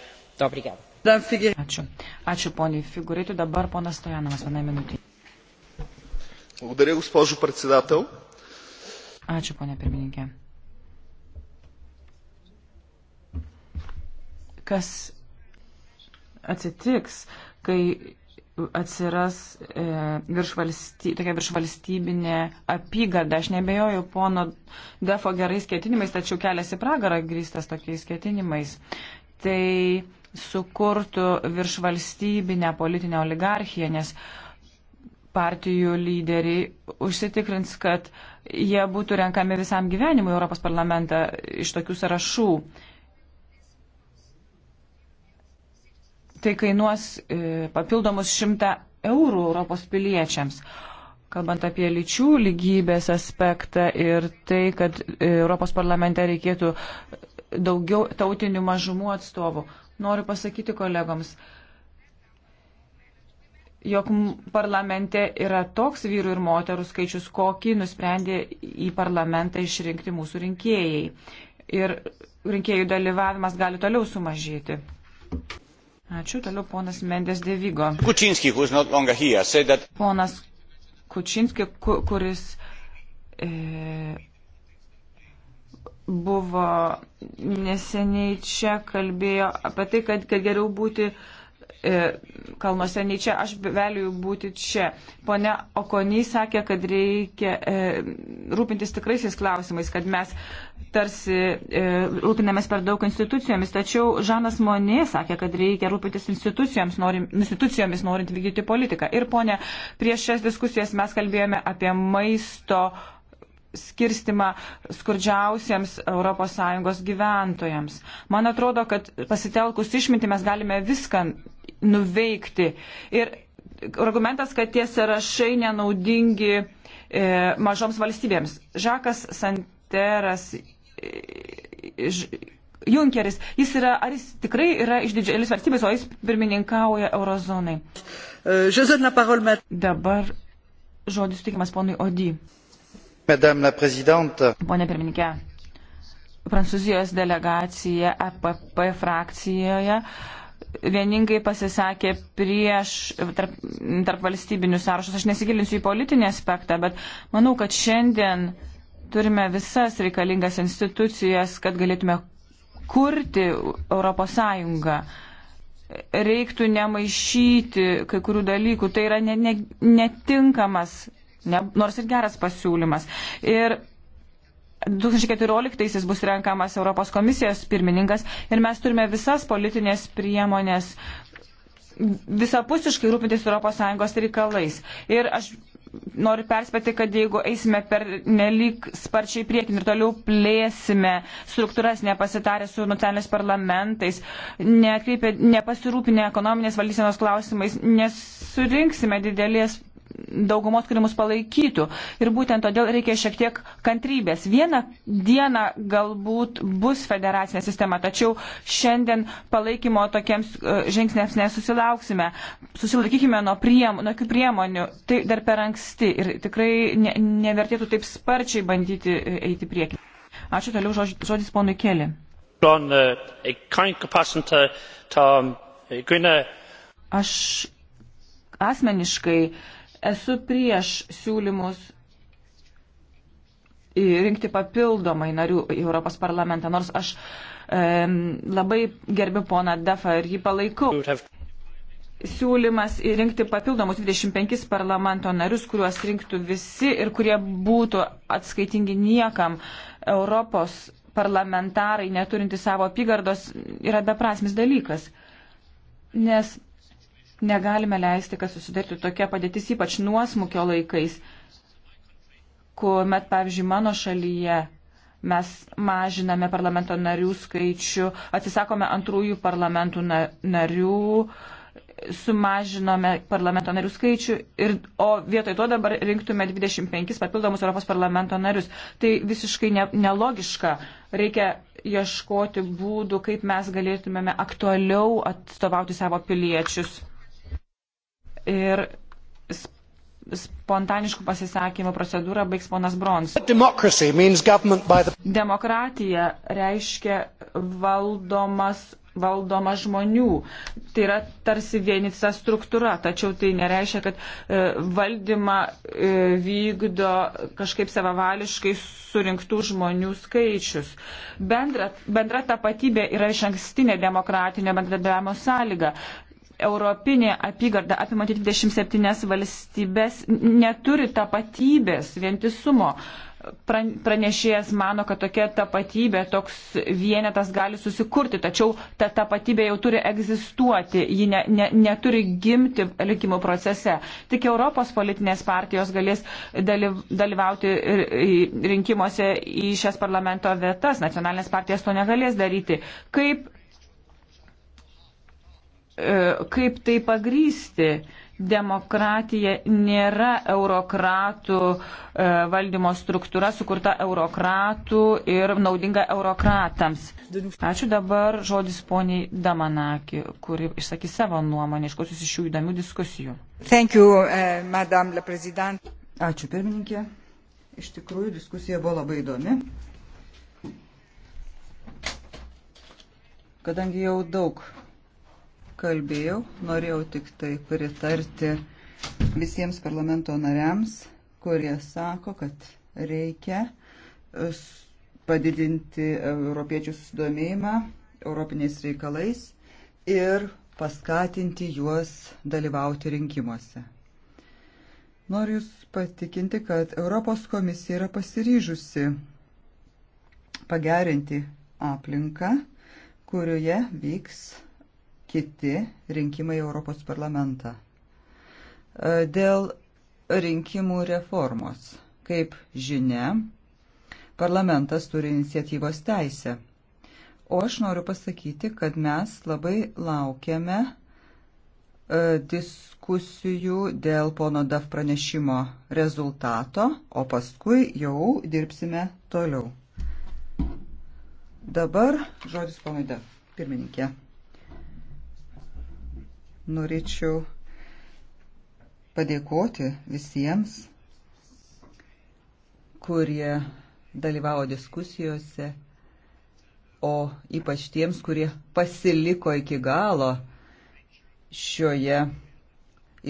[SPEAKER 6] Obrigado. Ačiū. Ačiū poniai Figuritai. Dabar ponas Stojanovas vieną minutį.
[SPEAKER 1] Благодаря, госпожо председател.
[SPEAKER 6] Ačiū, ponė pirmininkė. Kas atsitiks, kai atsiras e, viršvalsty, tokia viršvalstybinė apygarda. Aš nebejoju pono Defo gerais ketinimais, tačiau kelias į pragarą grįstas tokiais ketinimais. Tai sukurtų viršvalstybinę politinę oligarchiją, nes partijų lyderiai užsitikrins, kad jie būtų renkami visam gyvenimui Europos parlamentą iš tokių sąrašų. Tai kainuos e, papildomus šimtą eurų Europos piliečiams. Kalbant apie lyčių lygybės aspektą ir tai, kad e, Europos parlamente reikėtų daugiau tautinių mažumų atstovų noriu pasakyti kolegoms, jog parlamente yra toks vyrų ir moterų skaičius, kokį nusprendė į parlamentą išrinkti mūsų rinkėjai. Ir rinkėjų dalyvavimas gali toliau sumažėti. Ačiū, toliau ponas Mendes Devygo.
[SPEAKER 2] Kučinski, here, that...
[SPEAKER 6] Ponas Kučinski, kuris. E, buvo neseniai čia kalbėjo apie tai, kad, kad geriau būti e, kalnuose nei čia, aš beveliu būti čia. Pone Okony sakė, kad reikia e, rūpintis tikraisiais klausimais, kad mes tarsi e, rūpinamės per daug institucijomis, tačiau Žanas Monė sakė, kad reikia rūpintis institucijomis, norim, institucijomis norint vykdyti politiką. Ir ponė, prieš šias diskusijas mes kalbėjome apie maisto skirstimą skurdžiausiems ES gyventojams. Man atrodo, kad pasitelkus išmintį mes galime viską nuveikti. Ir argumentas, kad tie sąrašai nenaudingi e, mažoms valstybėms. Žakas Santeras. E, e ž, Junkeris, jis yra, ar jis tikrai yra iš didžiulės valstybės, o jis pirmininkauja eurozonai. Dabar žodis sutikimas ponui Odi.
[SPEAKER 2] Pone
[SPEAKER 6] pirmininkė, Prancūzijos delegacija APP frakcijoje vieningai pasisakė prieš tarp, tarp valstybinius sąrašus. Aš nesigilinsiu į politinį aspektą, bet manau, kad šiandien turime visas reikalingas institucijas, kad galėtume kurti Europos Sąjungą. Reiktų nemaišyti kai kurių dalykų. Tai yra ne, ne, netinkamas ne, nors ir geras pasiūlymas. Ir 2014 bus renkamas Europos komisijos pirmininkas ir mes turime visas politinės priemonės visapusiškai rūpintis ES reikalais. Ir aš noriu perspėti, kad jeigu eisime per nelik sparčiai priekin ir toliau plėsime struktūras, nepasitarę su nacionaliniais parlamentais, nepasirūpinę ekonominės valdysenos klausimais, nesurinksime didelės daugumos, kuri mus palaikytų. Ir būtent todėl reikia šiek tiek kantrybės. Vieną dieną galbūt bus federacinė sistema, tačiau šiandien palaikymo tokiems e, žingsniams nesusilauksime. Susilaikykime nuo, priem, nuo kių priemonių. Tai dar per anksti ir tikrai ne, nevertėtų taip sparčiai bandyti e, eiti prieki. Ačiū toliau žodis, žodis ponui Keli.
[SPEAKER 2] E, Aš
[SPEAKER 6] asmeniškai Esu prieš siūlymus rinkti papildomai narių į Europos parlamentą, nors aš e, labai gerbiu poną Defą ir jį palaikau. Siūlymas įrinkti papildomus 25 parlamento narius, kuriuos rinktų visi ir kurie būtų atskaitingi niekam Europos parlamentarai, neturinti savo apygardos, yra beprasmis dalykas. Nes Negalime leisti, kad susidarytų tokia padėtis, ypač nuosmukio laikais, kuomet, pavyzdžiui, mano šalyje mes mažiname parlamento narių skaičių, atsisakome antrųjų parlamentų narių, sumažinome parlamento narių skaičių, ir, o vietoj to dabar rinktume 25 papildomus Europos parlamento narius. Tai visiškai ne, nelogiška. Reikia ieškoti būdų, kaip mes galėtumėme aktualiau atstovauti savo piliečius ir spontaniškų pasisakymų procedūrą baigs ponas Brons. Demokratija reiškia valdomas valdoma žmonių. Tai yra tarsi vienisa struktūra, tačiau tai nereiškia, kad e, valdymą e, vykdo kažkaip savavališkai surinktų žmonių skaičius. Bendra, bendra tapatybė yra iš ankstinė demokratinio bendradarbiavimo sąlyga. Europinė apygarda apimanti 27 valstybės neturi tapatybės, vientisumo. Pranešėjas mano, kad tokia tapatybė, toks vienetas gali susikurti, tačiau ta tapatybė jau turi egzistuoti, ji ne, ne, neturi gimti likimų procese. Tik Europos politinės partijos galės dalyvauti rinkimuose į šias parlamento vietas, nacionalinės partijos to negalės daryti. Kaip E, kaip tai pagrysti. Demokratija nėra eurokratų e, valdymo struktūra, sukurta eurokratų ir naudinga eurokratams. Ačiū dabar žodis poniai Damanaki, kuri išsakys savo nuomonę išklausius iš šių įdomių diskusijų.
[SPEAKER 5] Thank you, uh, Madame la Presidente. Ačiū pirmininkė. Iš tikrųjų, diskusija buvo labai įdomi. Kadangi jau daug kalbėjau, norėjau tik tai pritarti visiems parlamento nariams, kurie sako, kad reikia e, padidinti europiečių susidomėjimą europiniais reikalais ir paskatinti juos dalyvauti rinkimuose. Noriu Jūs patikinti, kad Europos komisija yra pasiryžusi pagerinti aplinką, kurioje vyks kiti rinkimai Europos parlamentą. E, dėl rinkimų reformos, kaip žinia, parlamentas turi iniciatyvos teisę. O aš noriu pasakyti, kad mes labai laukiame e, diskusijų dėl pono DAF pranešimo rezultato, o paskui jau dirbsime toliau. Dabar žodis ponui DAF, pirmininkė norėčiau padėkoti visiems, kurie dalyvavo diskusijose, o ypač tiems, kurie pasiliko iki galo šioje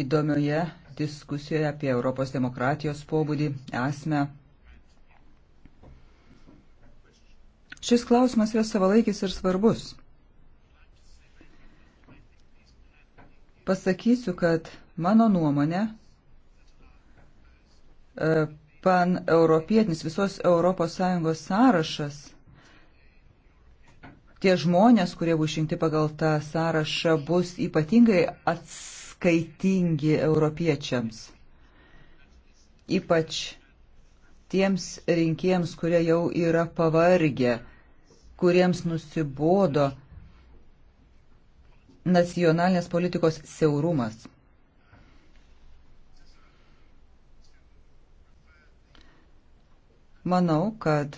[SPEAKER 5] įdomioje diskusijoje apie Europos demokratijos pobūdį, esmę. Šis klausimas yra savalaikis ir svarbus. pasakysiu, kad mano nuomonė e, pan-europietinis visos ES sąrašas, tie žmonės, kurie bus išrinkti pagal tą sąrašą, bus ypatingai atskaitingi europiečiams. Ypač tiems rinkėjams, kurie jau yra pavargę, kuriems nusibodo nacionalinės politikos siaurumas. Manau, kad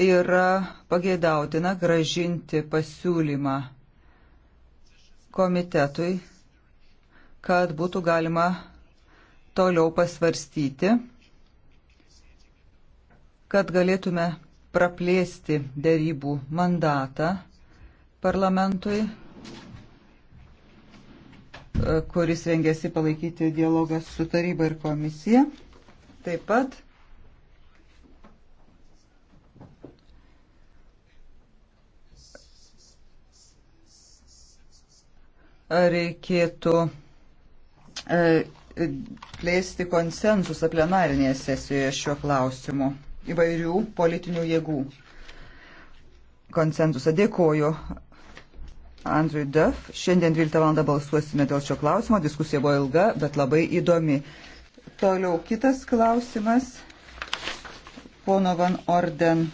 [SPEAKER 5] yra pageidautina gražinti pasiūlymą komitetui, kad būtų galima toliau pasvarstyti, kad galėtume praplėsti dėrybų mandatą parlamentui, e, kuris rengėsi palaikyti dialogą su taryba ir komisija. Taip pat reikėtų e, plėsti konsensusą plenarinėje sesijoje šiuo klausimu įvairių politinių jėgų. Konsensusą dėkoju Andriui Duff. Šiandien 12 val. balsuosime dėl šio klausimo. Diskusija buvo ilga, bet labai įdomi. Toliau kitas klausimas. Pono Van Orden